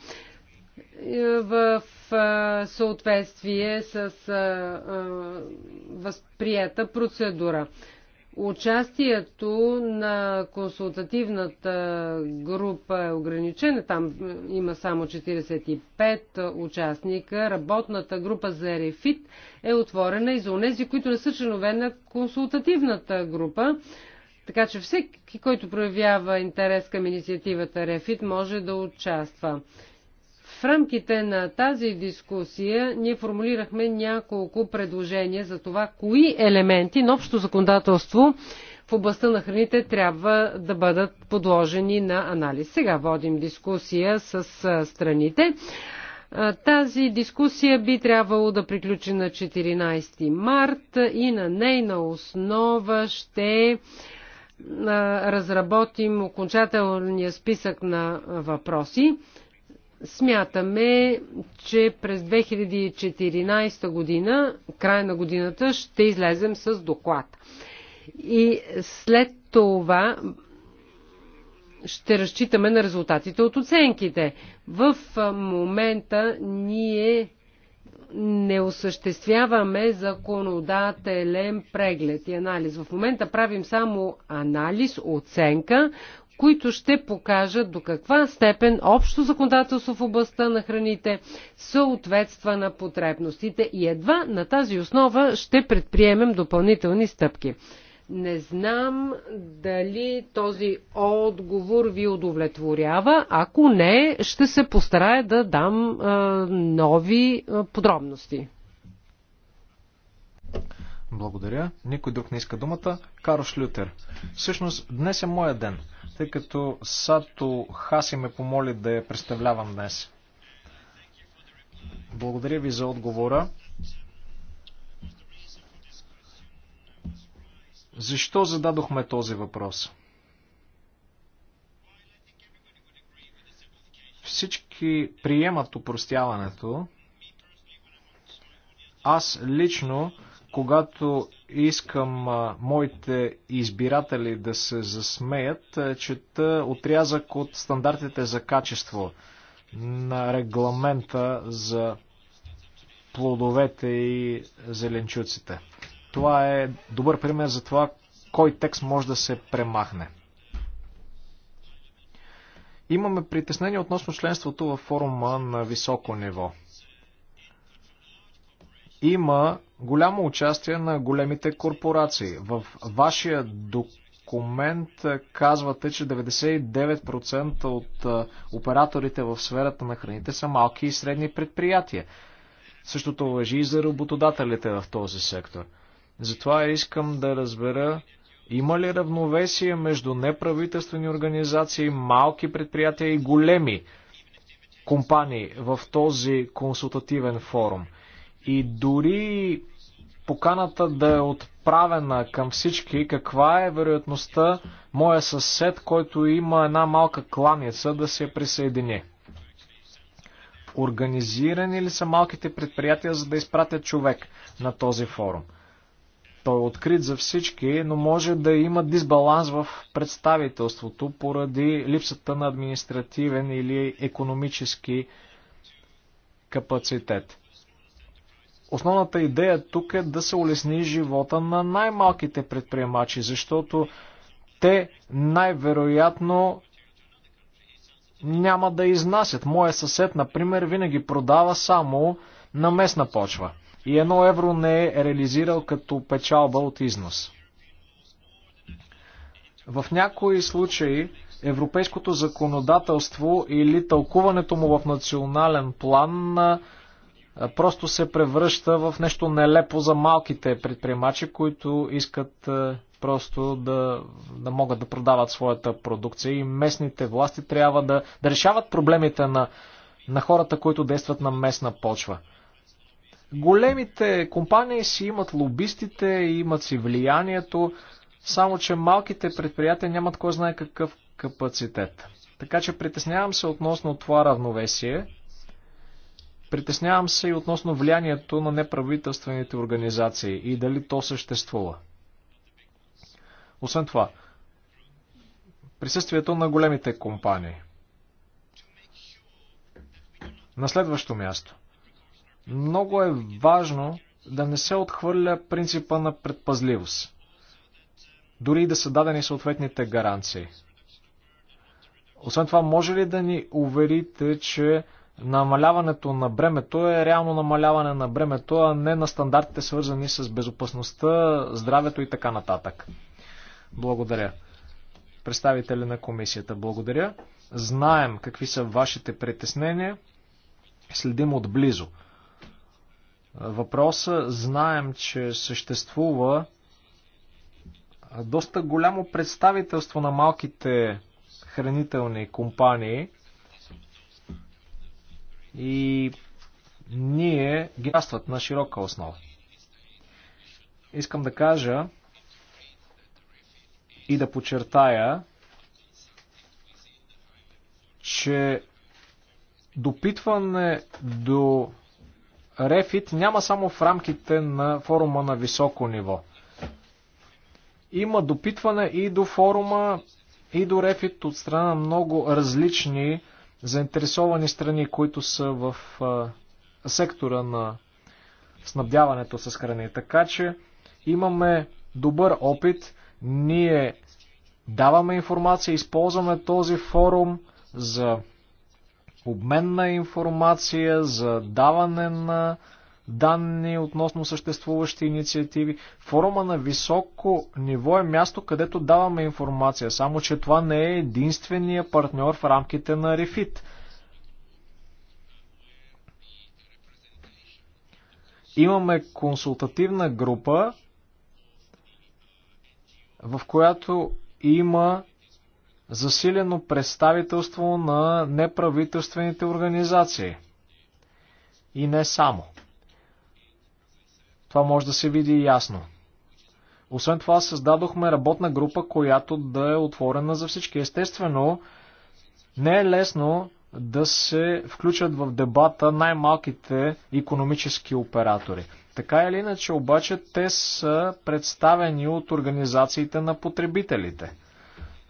е, в е, съответствие с е, възприета процедура. Участието на консултативната група е ограничена. Там има само 45 участника. Работната група за Рефит е отворена и за тези, които не са членове на консултативната група. Така че всеки, който проявява интерес към инициативата Рефит, може да участва. В рамките на тази дискусия ние формулирахме няколко предложения за това, кои елементи на общо законодателство в областта на храните трябва да бъдат подложени на анализ. Сега водим дискусия с страните. Тази дискусия би трябвало да приключи на 14 март и на нейна основа ще разработим окончателния списък на въпроси. Смятаме, че през 2014 година, края на годината, ще излезем с доклад. И след това ще разчитаме на резултатите от оценките. В момента ние не осъществяваме законодателен преглед и анализ. В момента правим само анализ, оценка, които ще покажат до каква степен общо законодателство в областта на храните съответства на потребностите и едва на тази основа ще предприемем допълнителни стъпки. Не знам дали този отговор ви удовлетворява. Ако не, ще се постарая да дам а, нови а, подробности. Благодаря. Никой друг не иска думата. Карл Шлютер. Всъщност, днес е моя ден, тъй като Сато Хаси ме помоли да я представлявам днес. Благодаря ви за отговора. Защо зададохме този въпрос? Всички приемат упростяването. Аз лично, когато искам моите избиратели да се засмеят, чета отрязък от стандартите за качество на регламента за плодовете и зеленчуците. Това е добър пример за това кой текст може да се премахне. Имаме притеснение относно членството във форума на високо ниво. Има голямо участие на големите корпорации. В вашия документ казвате, че 99% от операторите в сферата на храните са малки и средни предприятия. Същото въжи и за работодателите в този сектор – затова искам да разбера, има ли равновесие между неправителствени организации, малки предприятия и големи компании в този консултативен форум? И дори поканата да е отправена към всички, каква е вероятността моя съсед, който има една малка кланица, да се присъедини? Организирани ли са малките предприятия, за да изпратят човек на този форум? Той е открит за всички, но може да има дисбаланс в представителството поради липсата на административен или економически капацитет. Основната идея тук е да се улесни живота на най-малките предприемачи, защото те най-вероятно няма да изнасят. Моя съсед, например, винаги продава само на местна почва и едно евро не е реализирал като печалба от износ. В някои случаи европейското законодателство или тълкуването му в национален план просто се превръща в нещо нелепо за малките предприемачи, които искат просто да, да могат да продават своята продукция и местните власти трябва да, да решават проблемите на, на хората, които действат на местна почва. Големите компании си имат лобистите, имат си влиянието, само че малките предприятия нямат кой знае какъв капацитет. Така че притеснявам се относно това равновесие. Притеснявам се и относно влиянието на неправителствените организации и дали то съществува. Освен това, присъствието на големите компании. На следващо място – много е важно да не се отхвърля принципа на предпазливост, дори и да са дадени съответните гаранции. Освен това, може ли да ни уверите, че намаляването на бремето е реално намаляване на бремето, а не на стандартите свързани с безопасността, здравето и така нататък? Благодаря. Представители на комисията, благодаря. Знаем какви са вашите притеснения. Следим отблизо въпроса. Знаем, че съществува доста голямо представителство на малките хранителни компании и ние ги на широка основа. Искам да кажа и да подчертая, че допитване до Рефит няма само в рамките на форума на високо ниво. Има допитване и до форума, и до Рефит от страна на много различни заинтересовани страни, които са в сектора на снабдяването с храни. Така че имаме добър опит. Ние даваме информация, използваме този форум за обмен на информация, за даване на данни относно съществуващи инициативи. Форума на високо ниво е място, където даваме информация, само че това не е единствения партньор в рамките на Рефит. Имаме консултативна група, в която има засилено представителство на неправителствените организации. И не само. Това може да се види ясно. Освен това, създадохме работна група, която да е отворена за всички. Естествено, не е лесно да се включат в дебата най-малките економически оператори. Така или иначе, обаче, те са представени от организациите на потребителите –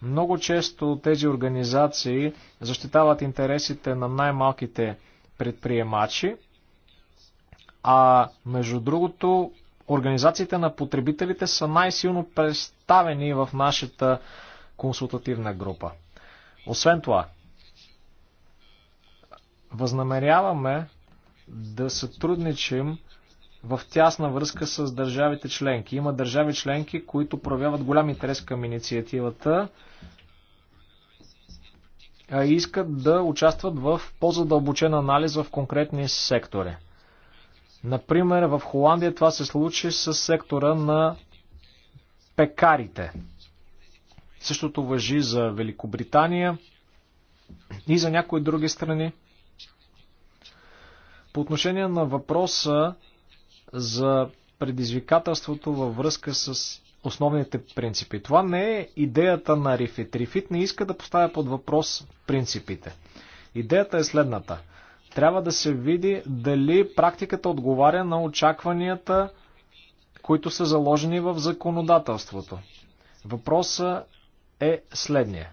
много често тези организации защитават интересите на най-малките предприемачи, а между другото, организациите на потребителите са най-силно представени в нашата консултативна група. Освен това, възнамеряваме да сътрудничим в тясна връзка с държавите членки. Има държави членки, които проявяват голям интерес към инициативата а искат да участват в по-задълбочен анализ в конкретни сектори. Например, в Холандия това се случи с сектора на пекарите. Същото въжи за Великобритания и за някои други страни. По отношение на въпроса за предизвикателството във връзка с основните принципи. Това не е идеята на Рифит. Рифит не иска да поставя под въпрос принципите. Идеята е следната. Трябва да се види дали практиката отговаря на очакванията, които са заложени в законодателството. Въпросът е следния.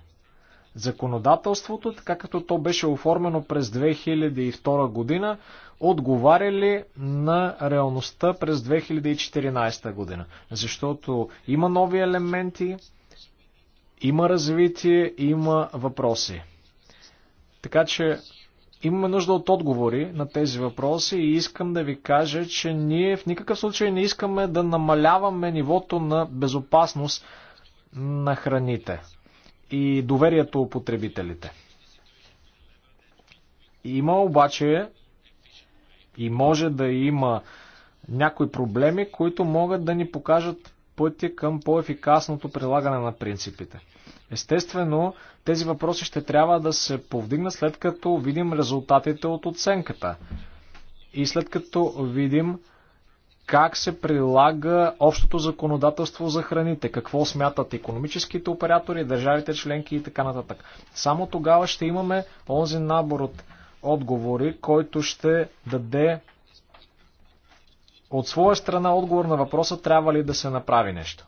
Законодателството, така като то беше оформено през 2002 година, отговаря ли на реалността през 2014 година. Защото има нови елементи, има развитие, има въпроси. Така че имаме нужда от отговори на тези въпроси и искам да ви кажа, че ние в никакъв случай не искаме да намаляваме нивото на безопасност на храните и доверието у потребителите. Има обаче и може да има някои проблеми, които могат да ни покажат пътя към по-ефикасното прилагане на принципите. Естествено, тези въпроси ще трябва да се повдигнат след като видим резултатите от оценката и след като видим как се прилага общото законодателство за храните, какво смятат економическите оператори, държавите членки и така нататък. Само тогава ще имаме онзи набор от отговори, който ще даде от своя страна отговор на въпроса трябва ли да се направи нещо.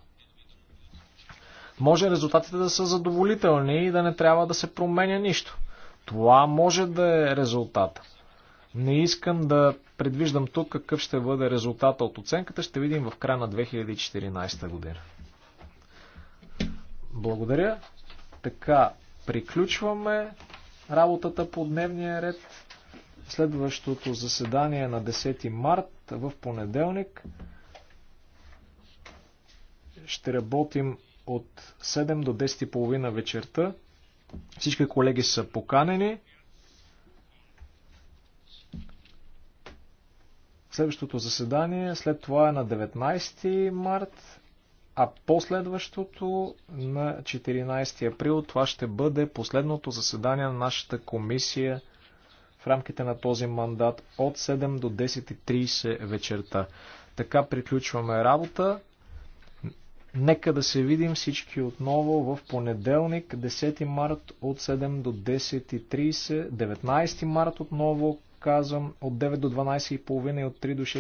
Може резултатите да са задоволителни и да не трябва да се променя нищо. Това може да е резултата. Не искам да предвиждам тук какъв ще бъде резултата от оценката. Ще видим в края на 2014 година. Благодаря. Така, приключваме работата по дневния ред. Следващото заседание е на 10 март в понеделник. Ще работим от 7 до 10.30 вечерта. Всички колеги са поканени. Следващото заседание след това е на 19 март а последващото на 14 април това ще бъде последното заседание на нашата комисия в рамките на този мандат от 7 до 10.30 вечерта. Така приключваме работа. Нека да се видим всички отново в понеделник, 10 март от 7 до 10.30, 19 март отново, казвам, от 9 до 12.30 и от 3 до 6.